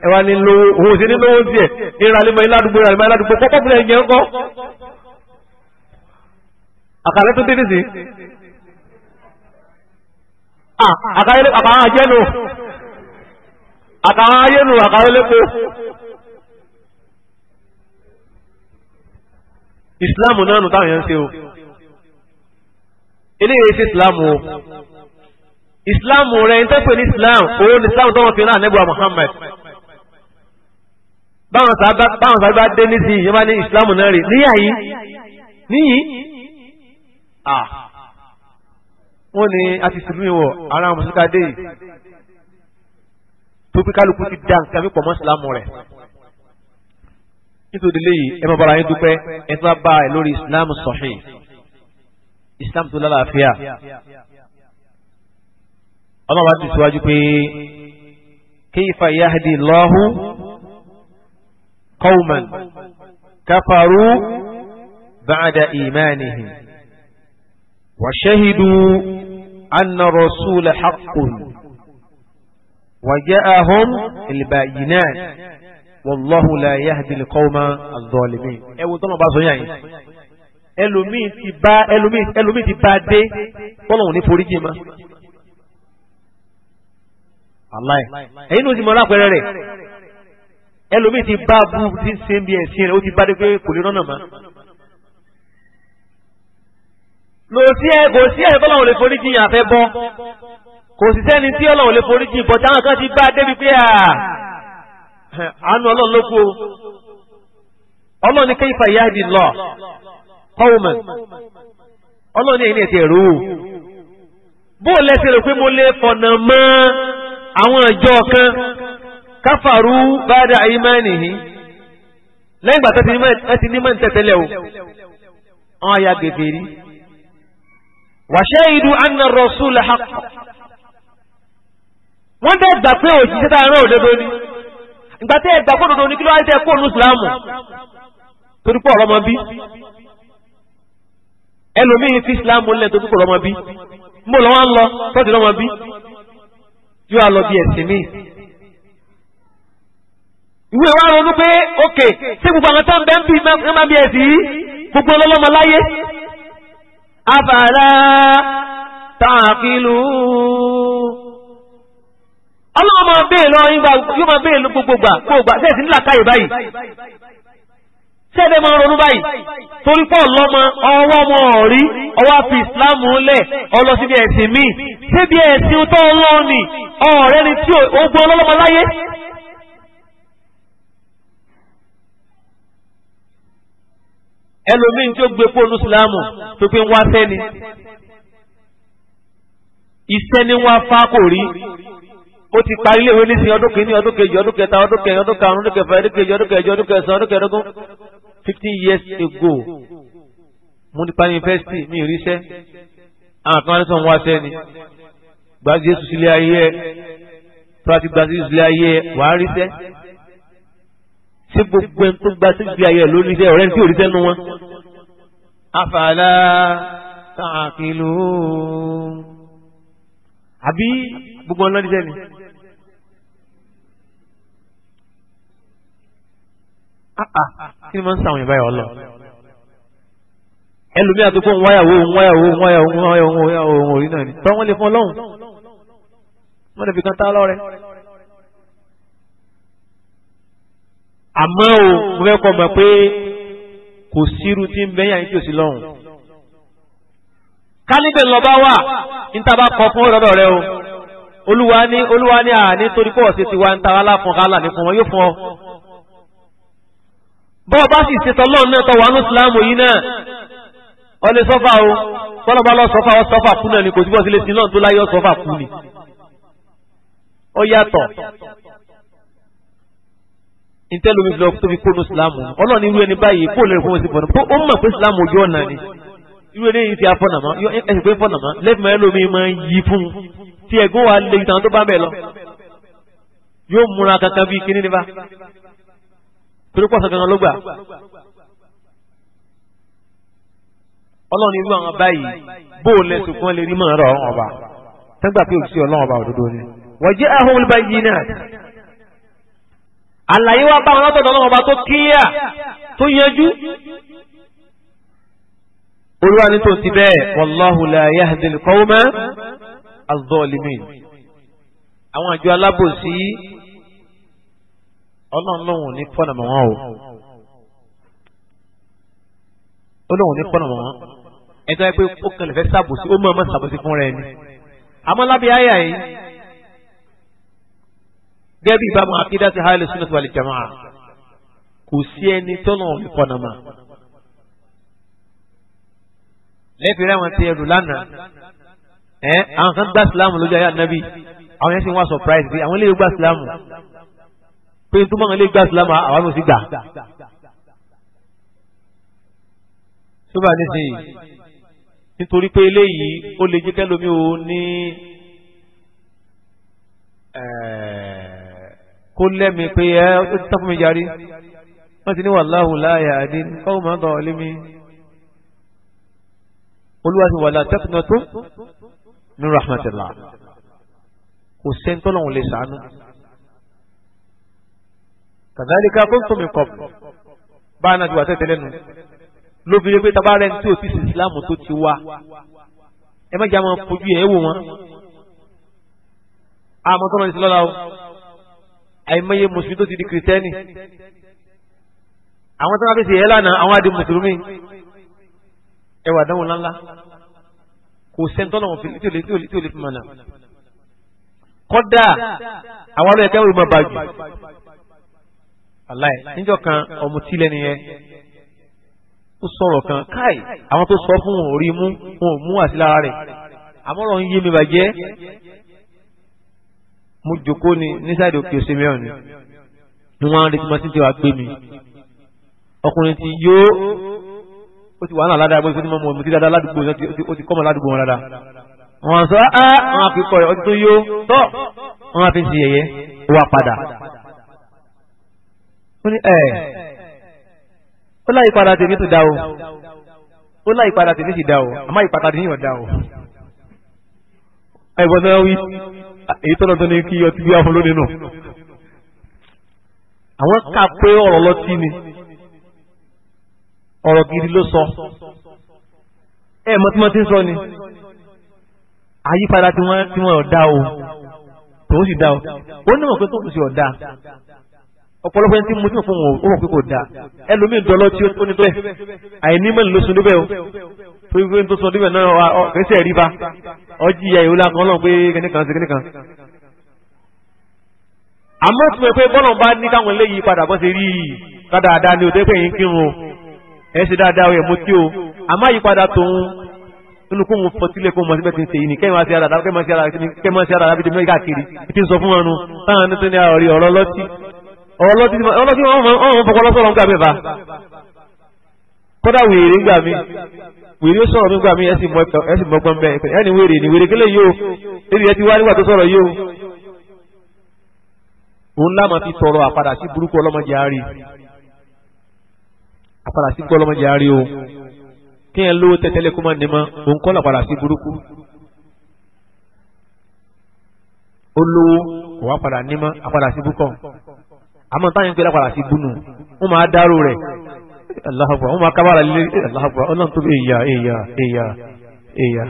ẹ wá ní lówó òun òsì ní lówó díẹ̀ ìrànlẹ mọ ìládùúgbò ìrànlẹ mọ ìládùúgbò pọpọọfù rẹ jẹ ńkọ́ àkàrẹ tó dédé sí àkàrẹ àkàrẹ ajẹnu àkàrẹ ayẹnu àkàrẹ ìsìláàmù náà nù táwọn èèyàn ń ṣe o eléyìí ṣe ìsìláàmù o ìsìláàmù rẹ ń tẹ́pẹ́ ní ìsìláàmù òun ní ìsìláàmù tó wọn fi náà nẹ́bùwà Muhammad báwọn sábà bá dé nísì yẹn bá ní ìsìláàmù náà rè níyà yìí níyì à wọn ni a ti sùn mí wọ ara mùsùlùmí ká dé yìí tó pé kálukú ti dá nǹkan mi pọ̀ mọ́ ìsìláàmù rẹ̀ nítorí léyìí ẹ máa bára yín dúpẹ́ ẹ tó bá bá ẹ lórí islam sahih islam tó lálàáfíà ọlọ́run wa ti síwájú pé kayfa yahdi Allahu qawman kafaru ba'da imanihim wa shahidu anna rasula haqqun wa ja'ahum al-bayyinat wallahu la yahdil qawma az-zalimin ẹ wo tọ́nà bá sọ yàn yín ẹlòmíì ti bá ẹlòmíì ẹlòmíì ti bá dé tọ́lọ̀hún ní foríjì ma aláì ẹ̀yin ló ti mọ lápẹ̀rẹ̀ rẹ̀ ẹlòmíì ti bá bú ti ń ṣe bí ẹ̀sìn rẹ̀ ó ti bá dé pé kò lè rọ́nà ma lò sí ẹ kò sí ẹ tọ́lọ̀hún lè foríjì yàn àfẹ́ bọ́ kò sì sẹ́ni tí ọlọ́run lè foríjì bọ́ táwọn kan ti bá débi pé à. Ah, àánú ọlọ́run ló kú o ọlọ́run ní kayfa yahdi Allah qawman ọlọ́run ní ẹ̀yìn ẹ̀tẹ̀ rò ó bó lẹ́sẹ̀ rò pé mo lè fọ̀nà mọ́ àwọn ìjọ kan káfàrú ba'da imanihi lẹ́yìn ìgbà tó ti ní mọ́ ní o àwọn àyà gègèrè wa shahidu anna ar-rasul wọ́n dẹ̀ pé òjì ìgbà tẹ́ ẹ gbà kó dodo ní kí ló wáyé tẹ́ kó nu ìsìlámù torí pọ̀ ọ̀rọ̀ ọmọ bí ẹlòmíì fi ìsìlámù lẹ̀ torí pọ̀ ọ̀rọ̀ ọmọ bí mo lọ wá ń lọ tọ́jú ọmọ bí yóò lọ bí ẹ̀sìn mi. ìwé wa ronú pé òkè ṣé gbogbo àwọn tó ń bẹ́ ń bí ẹ máa bí ẹ̀sìn yìí gbogbo ọlọ́mọ láyé àfàlà tààkìlù béèrè lọ́wọ́ yín gbà yóò máa béèrè gbogbogbà gbogbogbà sẹ́ẹ̀sì nílà káyè báyìí sẹ́ẹ̀dẹ̀ máa ronú báyìí torí pọ̀ lọ́mọ ọwọ́ ọmọ ọ̀rí ọwọ́ fi ìsìláàmù lẹ̀ ọlọ síbi ẹ̀sìn míì síbi ẹ̀sìn tó ń lọ ni ọ̀rẹ́ ni tí ó gbọ́ ọlọ́mọ láyé. ẹlòmíín tí ó gbé fóònù ìsìláàmù tó pé ń wá sẹ́ni iṣẹ́ ni wọ́n á kò rí mo ti parí ilé ìwé nísìnyí ọdún kìíní ọdún kejì ọdún kẹta ọdún kẹrin ọdún karùn-ún ọdún kẹfà ọdún kejì ọdún kẹjọ ọdún kẹsàn-án ọdún kẹẹ̀ẹ́dógún fifteen years ago mo ti parí yunifásitì mi ì ríṣẹ́ àwọn kan sọ wá sẹ́ni gba Jésù sílé ayé ẹ pàtí gba Jésù sílé ayé ẹ wàá ríṣẹ́ ṣé gbogbo ẹni tó gba Jésù sílé ayé ẹ ló ríṣẹ́ ọ̀rẹ́ ní tí ò ríṣẹ́ nu wọn. àfàlà tààkìlú àbí gbogbo ọ̀nà ríṣẹ́ ni. Ah, ah. kí ni mo ń sàwọn ìbáyà ọlọ ẹlòmíà tó ń wáyàwó ń wáyàwó ń wáyàwó ń wáyàwó ń wáyàwó ń orí náà ni tọ́ wọ́n lè fún ọlọ́run wọ́n lè fi kan tá lọ́rẹ́. àmọ́ o mo fẹ́ kọ́ mọ̀ pé kò sírú tí ń bẹ́yà ní tí ò sí lọ́run kálíbẹ̀ lọ́ba wà níta bá kọ fún ọ̀rọ̀ rẹ o olúwa ní olúwa ní àní torí pọ̀ sí tiwa ń ta wá láfọ̀ọ́ kálà ní fún wọn yóò fún ọ bọ́ bá sì ṣe tọ́lọ́ náà tọ́wọ́ anú sílámù yìí náà ọlẹ́ sọ́fà o tọ́lọ́bà lọ sọ́fà ọ sọ́fà kú náà ni kò síbọ̀ sílé sí náà tó láyé ọ sọ́fà kú ni ó yàtọ̀ ìtẹ́lómi lọ tó fi kónú sílámù ọlọ́ọ̀ni irú ẹni báyìí kó lè fún òsìbọ̀n tó ó mọ̀ pé sílámù ojú ọ̀nà ni irú ẹni yìí ti afọ́nàmọ́ ẹ̀sìn pé fọ́nàmọ́ lẹ́fìmọ́ ẹlòmíì máa ń yí fún tí ẹ̀gbọ́n wa lè tàn tó bá bẹ̀ lọ yóò múra kankan bíi kíní nípa torí pọ̀ sọ̀gán ló gbà ọlọ́run irú àwọn báyìí bó o lẹ́sùn kí wọ́n lè rí mọ̀ ọ̀rọ̀ ọ̀hún ọba tẹ́gbà pé òṣìṣẹ́ ọlọ́run ọba òdodo ni wọ́n jẹ́ ahọ́n báyìí náà àlàyé wa bá wọn látọ̀dọ̀ ọlọ́run ọba tó kíyà tó yanjú olúwa ní tó ti bẹ́ẹ̀ wallahu la yahdil qawma àwọn àjọ alábòsí ọlọ́run lóhùn ní fọ́nà mọ́ wọn o ó lóhùn ní fọ́nà mọ́ wọn ẹ tọ́ ẹ pé ó kẹlẹ̀ fẹ́ sàbòsí ó mọ̀ ọ́ mọ̀ sàbòsí fún rẹ ni àmọ́ lábẹ́ àyà yìí gẹ́bí ìbámu akídá ti hàlẹ́ sínú tó wà lè jàmọ́ à kò sí ẹni tọ́nà òní fọ́nà mọ́ lẹ́fẹ̀ẹ́ àwọn ti ẹrù lánàá ẹ àwọn kan gbá sílámù lójú ayé ànábì àwọn yẹn sì ń wá surprise bí àwọn eléyìí gbá sílámù pé tó máa ń lé gbà sílámù àwọn ò sì gbà. sọ́bà nísìnyí nítorí pé eléyìí ó lè jẹ́ kẹ́lómi ò ní kó lẹ́mi pé ẹ ó ti tán mi yarí wọ́n ti ní wallahu la yahdi qawma zalimin olúwa ti wala taqnatu min rahmatillah kò sẹ́ńtọ́ lọ́hùn lè sànú kàdáríkà tó ń tó mi kọ̀ bá a náà ti wà tẹ́tẹ́lẹ́ nu lóbìnrin pé tabarẹ́ ní tí o ti sin Islam tó ti wá ẹ má jẹ́ àwọn fojú ẹ̀ wò wọ́n àmọ́ tó lọ́ọ́ ìsìlọ́lá o àìmọye mùsùlùmí tó ti di kìrìtẹ́nì àwọn tó ń fi ṣe yẹ lánàá àwọn àdé mùsùlùmí ẹ wà dánwò ńláńlá kò sẹ́ńtọ́ náà fi tí ò lè tí ò lè fi mọ̀ náà kọ́dà àwọn ọlọ́yẹ̀kẹ́ wò ló máa bàjẹ́. Alai, níjọ́ kan ọmọ tílẹ̀ nìyẹn ó sọ̀rọ̀ kan káì àwọn tó sọ fún òrí mú wọn ò àti lára rẹ̀ àmọ́rọ̀ ń yé mi bàjẹ́ mo jòkó ni nísàdì òkè ọ̀sẹ̀ mẹ́rin ni wọ́n á retí mọ́tí tí wàá gbé mi ọkùnrin ti yó ó ti wà náà ládàá gbọ́dọ̀ mọ́ mọ́ ti dáadáa ládùúgbò ó ti kọ́mọ ládùúgbò wọn dáadáa wọn sọ á wọn àfikọ rẹ ọdún tó yó tọ wọn fi ń ti yẹ̀yẹ́ ó padà ó ní ẹ̀ eh, ó láyé padà tèmi tó dá o ó láyé padà tèmi sì dá o àmọ́ ìpadà tèmi yàn dá o. ẹ̀bọ̀n náà wí ah, èyí tọ́lọ́ tó ní kí ọtí bí wà fún lónìí nù àwọn ká pé ọ̀rọ̀ lọ́tí ni ọ̀rọ̀ gidi ló sọ ẹ mọ́tímọ́tí ń sọ ni àyípadà tí wọ́n ọ̀dá o tòun sì dá o ó níwọ̀n pé tóun sì ọ̀dá ọ̀pọ̀lọpọ̀ ẹni tí mo ti mọ̀ fún wọn ó rò pé kò dáa ẹlòmíín dọ́lọ́ tí ó ní bẹ́ẹ̀ àìní mẹ́lì ló sun níbẹ̀ o tó ń gbé tó sun níbẹ̀ náà kẹsẹ̀ rí ba ọjí ìyá ìwúlá kan lọ́n pé kíní kan sí kíní kan. àmọ́ tí mo pé bọ́lọ̀ bá ní káwọn eléyìí padà bọ́ sí rí i ká dáadáa ni o tẹ́ pé yín kírun o ẹ̀ ṣe dáadáa o ẹ̀ mo tí o àmọ́ àyípadà tòun nínú kó wọn fọtílẹ̀ kó mọ̀sí mẹ́tí ń ṣe yìí ni kẹ́yìn wá sí ara tàbí kẹ́yìn wá sí ara tàbí kẹ́yìn wá sí ara tàbí tẹ́yìn káàkiri tí ń sọ fún wọn nu táwọn ní tó ní ọ̀rọ̀ lọ́tí ọlọ́tí wọn fọkọ lọ́sọ̀rọ̀ ń gbà mí bá kódà wèrè ń gbà mí wèrè ó sọ̀rọ̀ mi gbà mí ẹ sì mọ́gbọ́n bẹ́ẹ̀ ẹni wèrè ni wèrè kélé yóò ebi ẹ ti wá nígbà tó sọ̀rọ̀ yóò òun láàmà fi tọrọ àpadà sí burúkú ọlọ́mọdé àárí àpadà sí burúkú ọlọ́mọdé àárí o kí ẹ lówó tẹ́tẹ́lẹ́ kó má ní mọ́ òun kọ́ làpadà sí burúkú ó lówó kò wá padà ní mọ́ àpadà sí burúkú àmọ́ táyà ń pè lápàdà sí búnú wọ́n máa dárò rẹ̀ aláhàbà wọ́n máa kábàrà lé aláhàbà ọlọ́run tó bí èyà èyà èyà èyà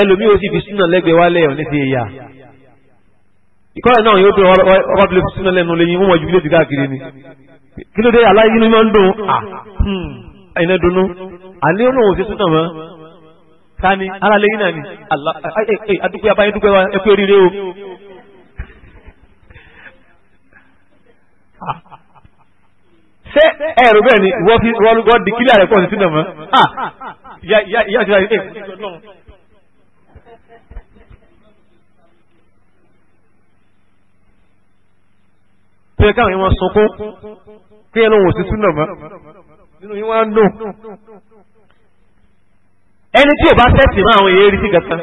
ẹlòmíì ó sì fi súnà lẹ́gbẹ̀ẹ́ wálẹ̀ ọ̀ ní ti èyà ìkọ́lẹ̀ náà yóò tó ọba bílẹ̀ fi súnà lẹ́nu lẹ́yìn wọ́n mọ̀ ju bílẹ̀ ti káàkiri ni kí ló dé aláyé inú máa ń dùn à ẹ̀yin hmm, náà dunnú àní ó lóun ò sí súnà mọ́ ká ní náà ni ṣé ẹ̀rù bẹ́ẹ̀ ni wọ́n di kílíà rẹ̀ pọ̀ sí sínú ọmọ ìyá ìṣúra yìí pé káwọn yẹn wọn sunkún pé ẹnu wò sí súnà mọ́ nínú yín wọn ń dùn ẹni tí ò bá sẹ́ẹ̀tì máa àwọn èèyàn rí sí gàtán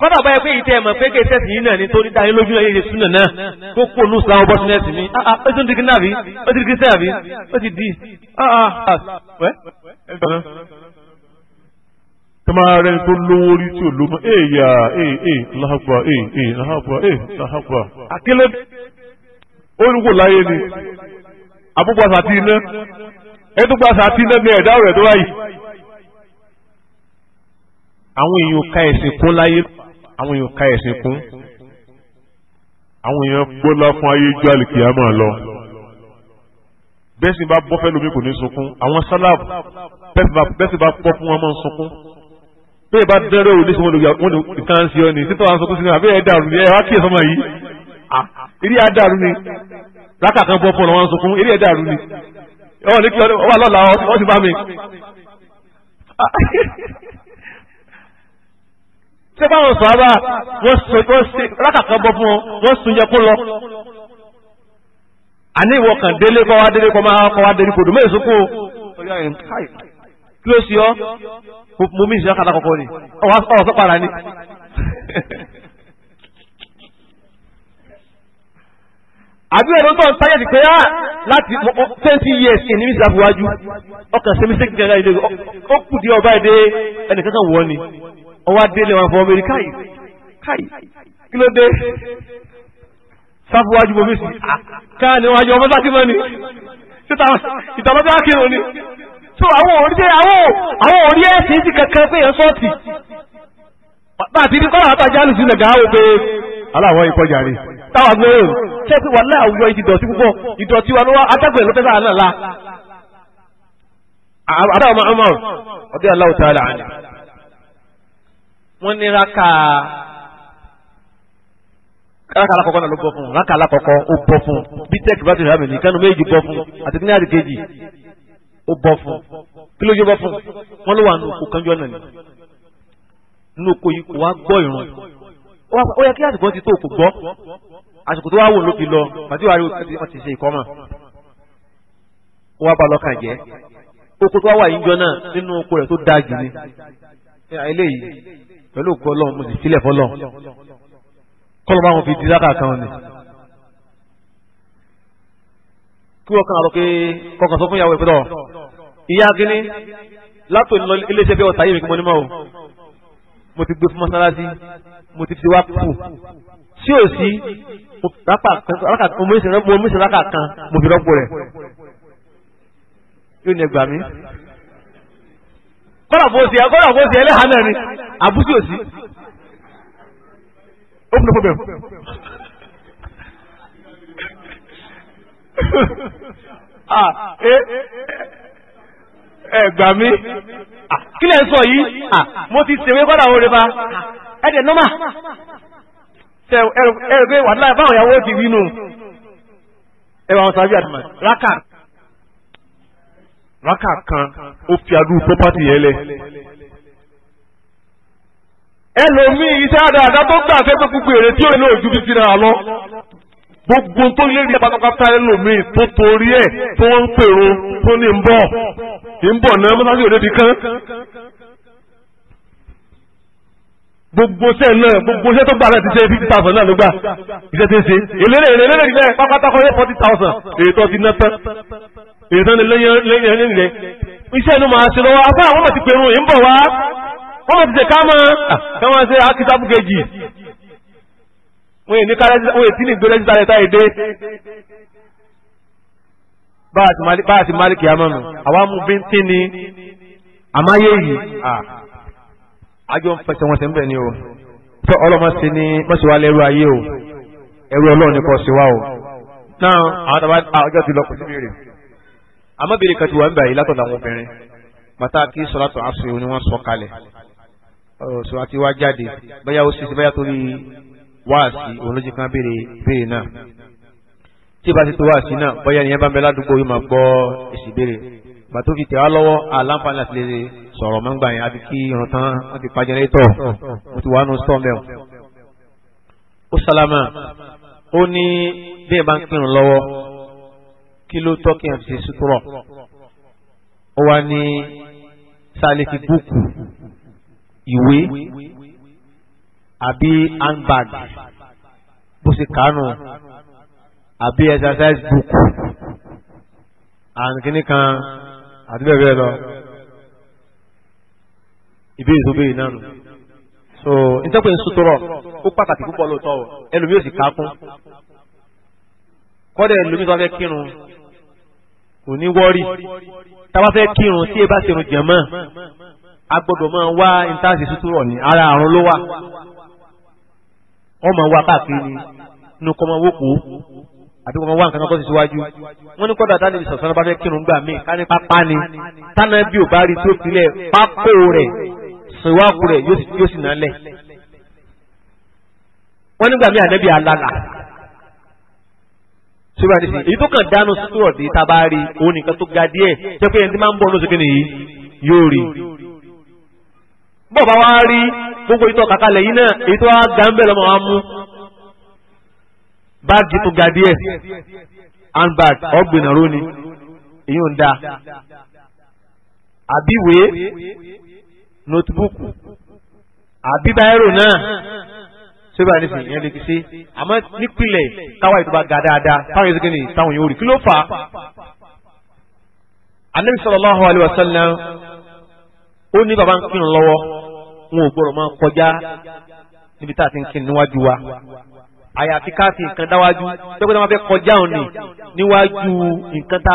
kọ́dà báyẹ̀ pé ìtẹ́ ẹ̀mọ̀ pé kéèsẹ́ sí náà ní torí dáyé lójú ẹ̀yẹ súnà náà kó kó ní ìsìláwọ̀ bọ́sínẹ́sì mi ó ti ń dìgí náà bí ó ti dìgí sẹ́yà bí ó ti di ah, ah. tọ́mọ rẹ̀ tó lówó orí tí ò ló mọ́ èèyà èèyà láhàpá èèyà láhàpá èèyà láhàpá. àkílẹ̀ olùkó láyé ni àbúgbà sàtì iná ẹ̀dúgbà sàtì iná ni ẹ̀dá rẹ̀ tó wáyé. àwọn èèyàn ka ẹ̀sìn kún láyé àwọn èèyàn ká ẹ̀sìn kún àwọn èèyàn gbọ́lá fún ayé ju àlìkìyàmọ̀ lọ bẹ́sìn bá bọ́ fẹ́lómi kò ní sunkún àwọn sálàb bẹ́sìn bá pọ́ fún wọn máa ń sunkún bẹ́ẹ̀ bá dẹ́rẹ́ òní sí wọn lò wọ́n lò nǹkan sí ọ ní títọ́ àwọn sunkún sí náà bẹ́ẹ̀ dàrú ni ẹ wá kíyèsọ́ mọ̀ yìí eré ẹ dàrú ni rákà kan bọ́ fún ọ wọn sunkún eré ẹ dàrú ni ọ ní kí ọ wà lọ́la ọ ti bá mi ṣé báwọn sọ̀rọ̀ wọ́n ṣe wọ́n ṣe rákàkà bọ́ fún wọn wọ́n sun yẹ kó lọ. àní ìwọ kan délé kọ́ wá délé kọ́ máa kọ́ wá délé kòdò mẹ́rin sunkún kí ló ṣe ọ́ mo mí ìṣe rákàtà kọ̀kọ́ ni ọ̀wọ́ sọ para ni. àbí ẹ̀rọ tó ń táyà ti pé á ah, láti twenty years ní mísì àbúwájú ọkàn ṣe mí sí gẹ́gẹ́ ilé ó kù díẹ̀ ọba ẹ̀dẹ́ ẹnìkan kan wọ̀ ni ọwọ́ adélé wọn fọ ọmọbìnrin káyì káyì kí ló dé sáfúwájú bomi sí ah, káà ní wájú ọmọ sátìmọ́ ni ìtàlọ́dẹ́ akérò ni tó àwọn òrìṣẹ́ àwọn òrí ẹ̀sìn ti kankan pé ẹ̀ sọ́ọ̀tì bá a ti ní kọ́lá àtàjà lù sí nàgà áwò pé aláwọ̀ ìkọjà rè táwa gbé o ṣé pé wàhálà àwùjọ ìdí ìdọ̀tí púpọ̀ ìdọ̀tí wa ló wá adágbẹ̀ ló fẹ́ sáà náà la àdáwọ̀ máa ń mọ̀ ọdẹ aláwọ̀ tá a là á ní wọ́n ní raka raka alakọkọ náà ló bọ fún raka alakọkọ ó bọ fún bitek bá ti rà mí ní kánú méjì bọ fún àti kíní àti kejì ó bọ fún kí ló yẹ bọ fún wọ́n ló wà nù kó kánjọ náà ni nínú oko yìí kò wá gbọ́ ìrun ó yẹ kí àsìkò ti tó kò gbọ́ àsìkò tó wá wò ló fi lọ màtí wàá rí wọn ti ṣe ìkọ́mọ̀ wọ́n bá lọ́kàn jẹ́ oko tó wá wà yín jọ náà nínú oko rẹ̀ tó dáa jù ní eléyìí pẹ̀lú òkú ọlọ́run mo sì sílẹ̀ fọlọ́run kọ́lọ́ bá wọn fi di dákà kan ni. kí wọ́n kàn án lọ pé kọkàn sọ fún ìyàwó ìpẹ́tọ̀ ìyá gíní látò ní iléeṣẹ́ bí ọ̀tá yìí mi kí mo ní mọ́ o mo ti gbé fún mọ́sálásí mo ti fi wá kù tí ò sí mo mú ìṣẹ̀lá kan mo fi rọ́pò rẹ̀ yóò ní ẹgbàá mi kọ́nà bó ṣe kọ́nà bó ṣe ẹlẹ́hàá náà ni àbúṣe òsì ó fún un problem. <laughs> Ah, ẹ gbà mí ah, kí lẹ́ ń sọ yìí ah, mo ti ṣèwé kọ́nà àwọn òde bá ẹ̀dẹ̀ nọ́mà ẹ̀rù pé wàhálà báwọn ìyàwó ti wí nù ẹ̀wà ọ̀sán àbí àdìmọ̀ rákà rákà kan ó fi adúrú pọ́pátì yẹn lẹ̀. ẹlòmíì iṣẹ́ àdáadáa tó gbà sẹ́gbẹ́ gbogbo èrè tí òun náà ju fífi náà lọ gbogbo tó lé ní pátápátá ẹlòmíì tó torí ẹ̀ tó ń pèrò tó ní ń bọ̀ ń bọ̀ náà mọ́sáàsì òde ti kán gbogbo sẹ náà gbogbo sẹ tó gbà náà ti ṣe fifty thousand náà ló gbà iṣẹ́ ti ń ṣe èlé èlé èlé forty thousand èyí tó ti ná tán èyí tán ni lẹ́yìn ẹni rẹ̀ iṣẹ́ ẹnu máa ṣe lọ́wọ́ afá àwọn ti pẹ̀rún yìí ń bọ̀ wá wọ́n ti ṣe ká mọ́ ah, ká máa ṣe akitabu kejì wọ́n yìí ní kárẹ́sítà wọ́n yìí tí ní gbé rẹ́sítà rẹ̀ táyé dé bá a ti máa kí a máa nù àwa mú bí ń tí ni àmáyé yìí àjọ ah, o tó ọlọ́mọ o ẹrú ọlọ́run ni kò sí wa o náà àwọn àjọ ti lọ kò àmọ́bìnrin kan ti wà ń bẹ̀rẹ̀ látọ̀dọ̀ àwọn obìnrin bàtà kí sọ́látọ̀ àṣùwò ni wọ́n sọ kalẹ̀ ọ̀rọ̀ sọ àti wá jáde bóyá ó sì ti bóyá torí wáàsí olójú kan béèrè béèrè náà tí ìbá ti tó wáàsí náà bóyá ìyẹn bá ń bẹ ládùúgbò yóò máa gbọ́ èsì béèrè bàtà ó fi tẹ̀ wá lọ́wọ́ àlàǹfààní àti lè sọ̀rọ̀ mọ́ngbà yẹn àbí kí irun tán wọ́n ti pa jẹnẹrétọ̀ mo ti wà nù stọ́ọ̀mẹ́ọ̀ ó sálámà ó ní bí ẹ ń kírun lọ́wọ́ kí ló tọ́ kí n fi sutura ó wá ní sálífì búùkù ìwé àbí handbag bó ṣe kánú àbí exercise book and kìíní kan àti bẹ́ẹ̀ bẹ́ẹ̀ lọ ìbéèrè tó béèrè náà nù so ìtẹ́pẹ́ ń sutura ó pàtàkì púpọ̀ lóòótọ́ ẹlòmíì ò sì kákún kọ́dẹ̀ ẹlòmíì tó fẹ́ kírun òní wọ́rì táwa fẹ́ kírun tí ẹ bá ṣerun jẹ̀mọ́ a gbọ́dọ̀ máa wá intanṣe sútúrọ̀ ní ara àrùn ló wà wọ́n máa wá káàkiri ni inú kọ́ máa wókòó àbí wọn wá nǹkan kan tó ti síwájú wọn ní kọ́dà tá ní ìsọ̀ sọ́nà bá fẹ́ kírun gbà míì ká ní pápá ni tánà bí ò bá rí tó tilẹ̀ pápó rẹ̀ sọ̀wáàkú rẹ̀ yóò sì nálẹ̀ wọ́n nígbà míì ànábì alálà síbà ní sí èyí tó kàn dánú sítúrọ̀ dé tá a bá rí òun nìkan tó ga díẹ̀ jẹ́ pé ẹni tí máa ń bọ̀ lóṣù kìnìyí yóò rí. bọ́ bá wá rí gbogbo ìtọ́ kàkálẹ̀ yìí náà èyí tó wá ga ń bẹ̀ lọ́mọ wa mú báàgì tó ga díẹ̀ handbag ọ̀gbìnà róni èyí ń da àbíwèé notebook àbíbáírò náà sóbì àti sìn yẹn lè fi ṣe àmọ́ nípìnlẹ̀ táwa ìtura ga dáadáa táwọn yẹn sẹ́kẹ́ni táwọn yẹn ò rí kí ló fà á. anabi sallallahu alayhi wa sallam ó ní baba ń kírun lọ́wọ́ wọn ò gbọ́dọ̀ máa kọjá níbi tá a ti ń kírun níwájú wa àyàfi káàfi nǹkan dáwájú tẹ́gbẹ́ tí wọ́n fẹ́ kọjá òun ni níwájú nǹkan tá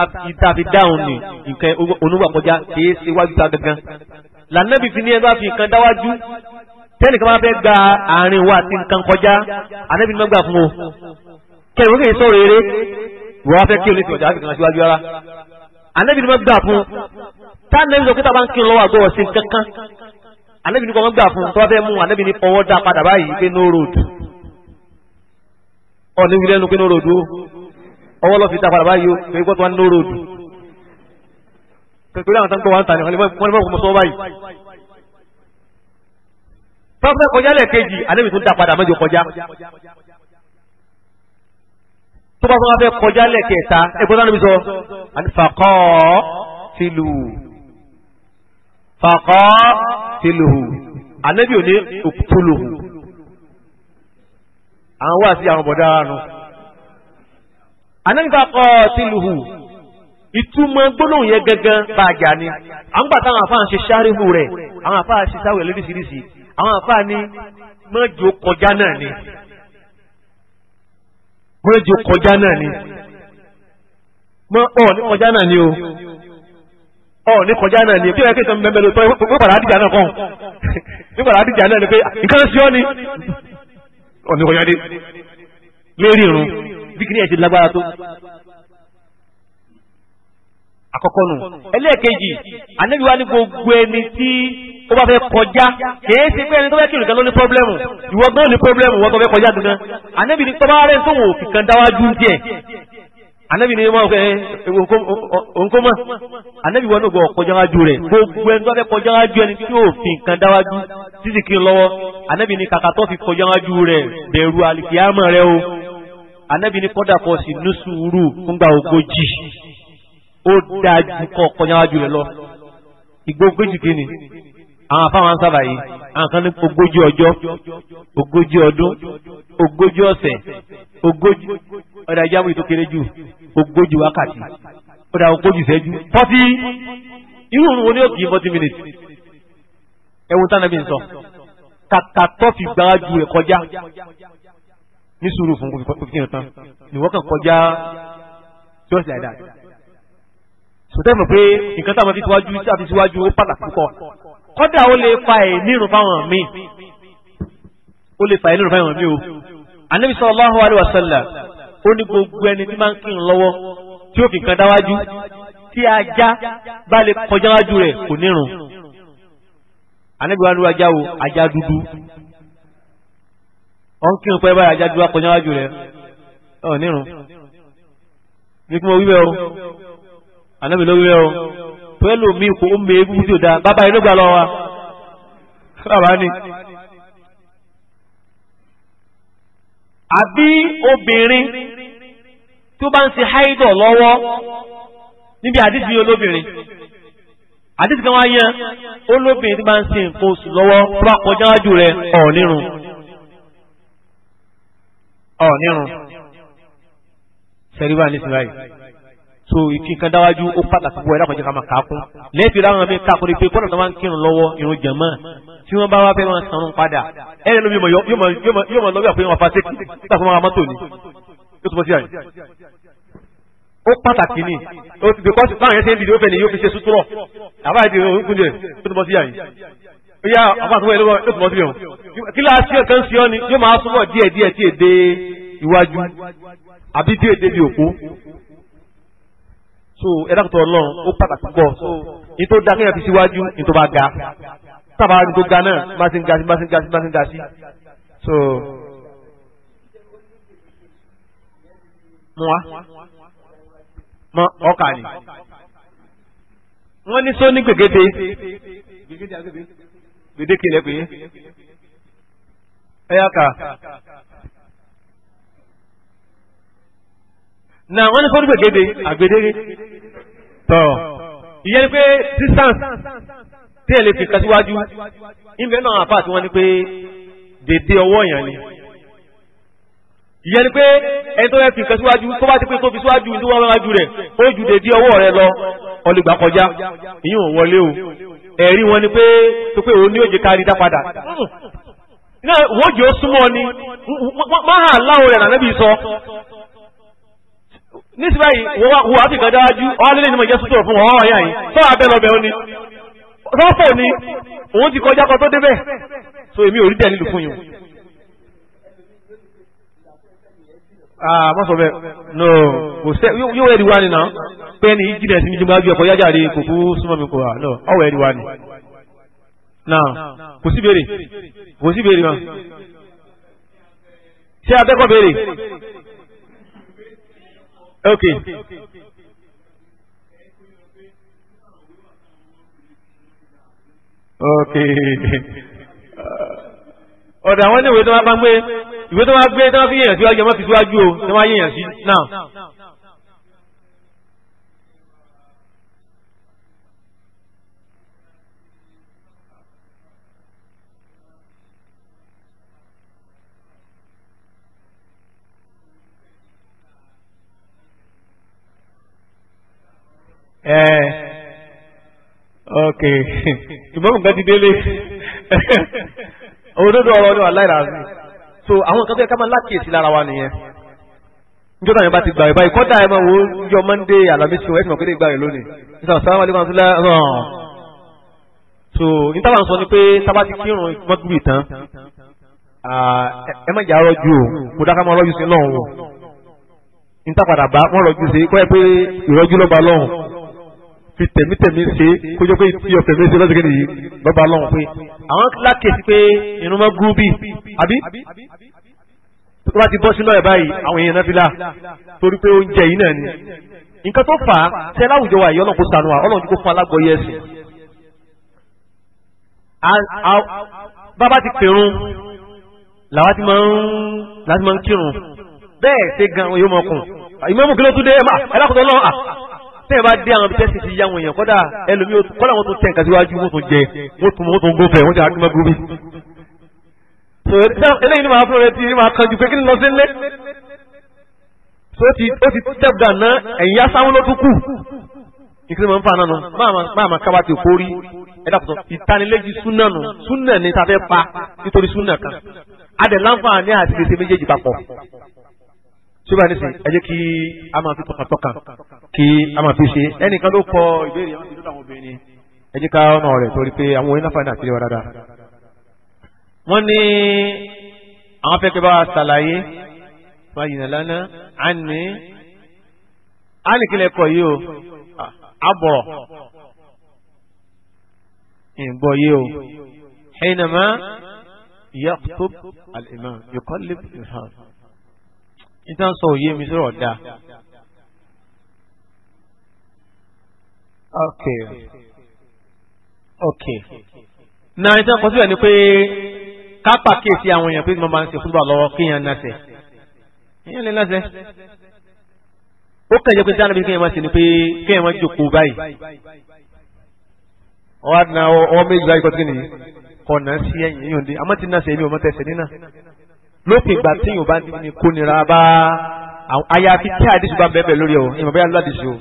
a fi dá òun ni nǹkan onúwà kọjá kìí ṣe wájú ta gangan lànà bìfin ni ẹ bá fi nǹkan dáwájú tẹ́nì kan bá fẹ́ gba àárín wa àti nǹkan kọjá ànábì nígbà fún o kẹrin kìí sọ̀rọ̀ eré wọ́n wá fẹ́ kí oníṣẹ́ ọ̀dà àgbẹ̀kan síwájú ara ànábì nígbà fún tánàbì sọ pé tá a bá ń kí n lọ́wọ́ àgọ́ ọ̀sìn kankan ànábì nígbà wọn gbà fún tó bá fẹ́ mú ànábì ní ọwọ́ dá padà báyìí pé no road ọ̀ ní wílẹ̀ nu pé no road o ọwọ́ lọ́ fi dá padà báyìí o pé gbọ́dọ̀ wá no road pẹ̀lú àwọn tó ń gbọ́ wá ń tà ní wọ́n lè mọ̀ tọ́fẹ́ kọjá lẹ́ẹ̀kejì ànábì tó ń dá padà mẹ́jọ kọjá tó bá fọwọ́ fẹ́ kọjá lẹ́ẹ̀kẹta ẹgbẹ́ tó ń sọ fàkọ́ tìlù fàkọ́ tìlù ànábì ò ní òkútùlù àwọn wá sí àwọn bọ̀dá ara nu ànábì fàkọ́ tìlù ìtumọ̀ gbólóhùn yẹn gangan bá a jà ni àwọn gbàtà àwọn afáàn ṣe ṣáríhù rẹ̀ àwọn afáàn ṣe sáwẹ̀ lóríṣiríṣi àwọn àfa ni mọ́jọ kọjá náà ni mọ́jọ kọjá náà ni mọ́ ọ ní kọjá náà ni o ọ ní kọjá náà ni bí ẹ kí n sọ bẹ́ẹ̀ bẹ́ẹ̀ lọ pé ó padà dìjà náà kàn ó padà dìjà náà ni pé nǹkan ṣe ni ọ ní kọjá dé lérí irun bí kìnìyàn ti lágbára tó àkọ́kọ́ nù ẹlẹ́ẹ̀kejì ànábìwá ní gbogbo ẹni tí ó bá fẹ́ kọjá kìí ṣe pé ẹni tó fẹ́ kí nìkan ló ní pọ́blẹ́mù ìwọ gan ní pọ́blẹ́mù ìwọ tó fẹ́ kọjá gangan ànábì ní tọ́ba rẹ̀ tó wò ó kìkan dáwájú díẹ̀ ànábì ní wọn fẹ́ ònkómọ ànábì wọn náà gbọ́ kọjá wájú rẹ̀ gbogbo ẹni tó fẹ́ kọjá wájú ẹni tí yóò fi nǹkan dáwájú títí kí n lọ́wọ́ ànábì ní kàkà tó fi kọjá wájú rẹ̀ bẹ̀rù àlìkìyàmọ̀ rẹ̀ o ànábì ní kọ́dà kọ́ sí ní sùúrù fúngbà ogójì ó dáa ju kọ́ kọjá wájú rẹ̀ lọ ìgbógójì kìíní àwọn afáwọn sábà yìí àwọn kan ní ogójì ọjọ́ ogójì ọdún ogójì ọ̀sẹ̀ ogójì ọ̀dà ìjábọ̀ ètò kéré jù ogójì wákàtí ọ̀dà ogójì ìṣẹ́jú fọ́tí irú òun wo ni ó kì í forty minutes ẹ̀wọ̀n tánà bí n sọ kàkà tó fi gbájú rẹ̀ kọjá ní sùúrù fún fífihàn tán nìwọ́n kàn kọjá just like sọtẹ́ mọ̀ pé nǹkan táwọn fi síwájú tí a fi síwájú ó pàtàkì púpọ̀ kọ́dà ó lè fa ìnírun fáwọn mi? ó lè fa ìnírun fáwọn mi o anabi sallallahu alaihi wasallam ó ní gbogbo ẹni tí máa ń kírun lọ́wọ́ tí ó fi kan dáwájú tí ajá bá lè kọjá wájú rẹ̀ kò nírun anabi wa ni wájá o ajá dúdú ọ̀n kírun pẹ́ báyìí ajá dúdú kọjá wájú rẹ̀ ọ̀ nírun ní kí wọ́n wí bẹ́ẹ̀ o anabi bẹ́ẹ̀ o. pẹ̀lú mi kò ń mẹ ebú tí ò dáa bàbá yìí ló lọ wa bàbá àbí obìnrin tó bá ń ṣe háídọ̀ lọ́wọ́ níbi àdìsí olóbìnrin àdìsí kan wá yẹn olóbìnrin tó bá ń ṣe nǹkan oṣù lọ́wọ́ tó bá kọjá wájú rẹ̀ ọ̀nírun ọ̀nírun so kí nǹkan dáwájú ó pàtàkì bọ́ ẹ lákọ̀ọ́jẹ́ ká máa kà á kún lẹ́ẹ̀fì ráwọn mi kà kúrò pé kọ́nà tó máa ń kírun lọ́wọ́ irun jẹ̀mọ́ tí wọ́n bá wá fẹ́ máa sanrun padà ẹ̀rẹ́ lómi yóò máa lọ́wọ́ àpéyàn wọn fàṣẹ́kì tàbí wọn mọ́tò ni ó túbọ̀ sí àyè. ó pàtàkì ni ó ti bẹ̀kọ́ sí báwọn yẹn ṣe ń dìde ó fẹ́ ni yóò fi ṣe sútúrọ̀ àbáyé ti rìn òun kúndẹ̀ ó so ẹ̀dá kòtò ọlọ́run ó pàtàkì pọ̀ so ní tó da kéèyàn fi síwájú ní tó bá ga tábà ní tó ga náà má ti ń ga sí má ti ń ga sí má ti ń ga sí so. mọ́ mọ́ ọkà ni wọ́n ní sóní gbègéde gbèdéke lẹ́pẹ́ ẹ̀yà kà. na wọ́n ní sọ́dún gbègede àgbèdege tọ̀ ìyẹn ni pé distance tí ẹ̀ lè fi kẹsíwájú ìbẹ̀ náà àpá àti wọ́n ní pé dèdè ọwọ́ èèyàn ni ìyẹn ni pé ẹni tó fẹ́ fi kẹsíwájú tó bá ti pé tó fi síwájú ní wọ́n wájú rẹ̀ ó ju dèdè ọwọ́ rẹ̀ lọ ọlùgbà kọjá ìyẹn ò wọlé o ẹ̀rí wọn ni pé tó pé òun ní òjì kárí dá padà náà wọ́n jẹ́ ó súnmọ́ ni máa láwọn rẹ̀ nàbí sọ nísì báyìí wo àti ìgbà dáwájú ọ̀hánilé ni mo jẹ́ sùtò fún ọ̀hán ọ̀yá yìí sọ abẹ́ lọ́bẹ̀ ó ní ni òun ti kọjá kan tó débẹ̀ so èmi ò rí dẹ́ni lù fún yín. mọ́sọ̀ no kò sẹ́ yóò wẹ̀ ẹ̀rí wá ni náà pé ẹni yìí jìnnà sí mi jùmọ̀ àjọyọ̀ kọjá kò mi kò wá no ọwọ́ ẹ̀rí wá ni. náà kò sí béèrè kò sí béèrè abẹ́kọ̀ béèrè. Okay. Okay. ọ̀dọ̀ àwọn ilé ìwé tó máa bá ń gbé ìwé tó máa gbé tó máa fi yẹ̀yàn síwájú ọmọ fi síwájú o tó máa yẹ̀yàn sí náà. Eh, okay. ok ìgbọ́n nǹkan ti délé òdodo ọ̀rọ̀ ni wàhálà ìràzí so àwọn nǹkan tó yẹ ká máa lákìyèsí lára wa nìyẹn njọ́ táwọn bá ti gbà rẹ̀ báyìí kọ́dà ẹ̀ máa wo yọ monday alamisi wẹ́ẹ̀tì mọ̀ kéde gbà rẹ̀ lónìí nígbà tí sáwọn alẹ́kùn àtúnlá ràn so níta wà ń sọ ni pé sábà ti kírun mọ́tìbì tán ẹ má jà rọ́jú o kò dáká máa rọ́jú sí lọ́hùn o níta padà bá wọ́n rọ́jú sí kọ́ ẹ pé ìrọ́jú lọ́ba lọ́hùn fi tẹ̀mítẹ̀mí ṣe kójọ pé tí ọ̀fẹ́ mi ṣe lọ́sọ̀kẹ́ nìyí bàbá lọ́hùn pé àwọn lákèsí pé irun mọ́ gúrúbì àbí tó bá ti bọ́ sínú ẹ̀ báyìí àwọn èèyàn náà fi là torí pé oúnjẹ yìí náà ni nǹkan tó fà á ṣe láwùjọ wa yìí ọlọ́run kó sànù wa ọlọ́run kó fún alágbọ̀ọ́yé ẹ̀sìn bàbá ti pèrún làwa ti máa ń kírun bẹ́ẹ̀ ṣe gan yóò mọ̀kùn ìmọ̀ mú kí ló tún dé ẹ̀ tẹ́yìn bá dé àwọn ibi tẹ́sí ti yá wọn èèyàn kọ́dà ẹlòmí kọ́dà wọn tún tẹ̀ nǹkan síwájú wọn tún jẹ wọn tún wọn tún gófẹ̀ wọn tún àdúgbò gómi. eléyìí ni màá fún rẹ ti ni màá kanjú pé kí ni lọ sí nílé. so ó ti ó ti step down ẹ̀yìn yá ló tún kù. ìkíni mọ̀ ń fa nánu máa ma kábà ti kórí ẹ̀dá pọ̀tọ̀ ìtaniléjì súnà súnà ni ta fẹ́ pa nítorí súnà kan. adẹ̀ láǹfààní àti síbà ní sìn ẹ jẹ́ kí a máa fi tọkàntọkàn kí a máa fi ṣe ẹnìkan ló kọ ìbéèrè àwọn ìdílé àwọn obìnrin ẹ jẹ́ ká ọmọ rẹ̀ torí pé àwọn oyin láǹfààní àti ìwà dáadáa. wọ́n ní àwọn fẹ́ kí bá ṣàlàyé wọ́n yìnbọn lánàá á ní á ní kílẹ̀ kọ yìí o àbọ̀ ìgbọ̀ yìí o hinama yaqtub al-imam yuqallib al-imam nítorí sọ òye mi sọ̀rọ̀ dáa. ok ok náà nítorí kọ síbẹ̀ ni pé ká pàkíyèsí àwọn èèyàn pé màmá ń ṣe fúnbà lọ́wọ́ kéèyàn náṣẹ. èèyàn lè náṣẹ. ó kàn jẹ́ pé dáná bí kéèyàn máa ṣe ni pé kéèyàn máa jókòó báyìí. ọwọ́ àdínà ọwọ́ méjì báyìí kọ́ tí kìnìyí kọ̀ náà sí ẹ̀yìn yìí dé àmọ́ ti náṣẹ èmi ò mọ́ tẹ̀sẹ̀ nínà lópin ìgbà tí yóò bá ní kó nira bá àyàfi tí àdìsí bá bẹ́ẹ̀ bẹ́ẹ̀ lórí ẹ̀ o ìmọ̀ bẹ́ẹ̀ ládìsí o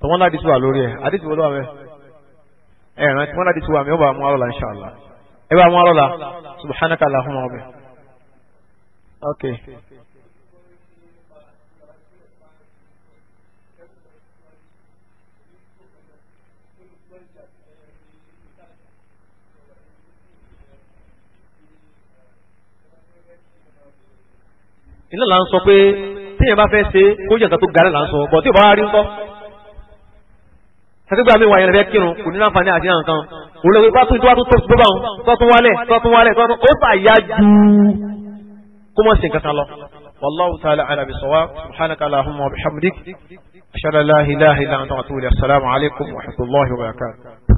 tọ́wọ́n ládìsí wà lórí ẹ̀ àdìsí wọlé wà mẹ́ ẹ̀ rántí wọ́n ládìsí wà mẹ́ ó bá mú àrọ̀là inṣàlá ẹ bá mú àrọ̀là subhanaka allahumma wa bẹ́ẹ̀. okay. okay. iná là ń sọ pé téèyàn bá fẹ́ ṣe kó jẹ́ nǹkan tó ga là ń sọ bọ̀ tí ò bá rí ńkọ́ sàkégbà mi wà yẹn lè fẹ́ kírun kò ní láǹfààní àti nǹkan olóògbé bá tún tó bá tún tó bá wọn tó tún wálẹ̀ tó tún wálẹ̀ tó tún ó ju kó mọ̀ sí nǹkan kan lọ. والله تعالى على بصواب سبحانك اللهم وبحمدك أشهد أن لا إله إلا أنت وأتوب السلام عليكم ورحمة الله وبركاته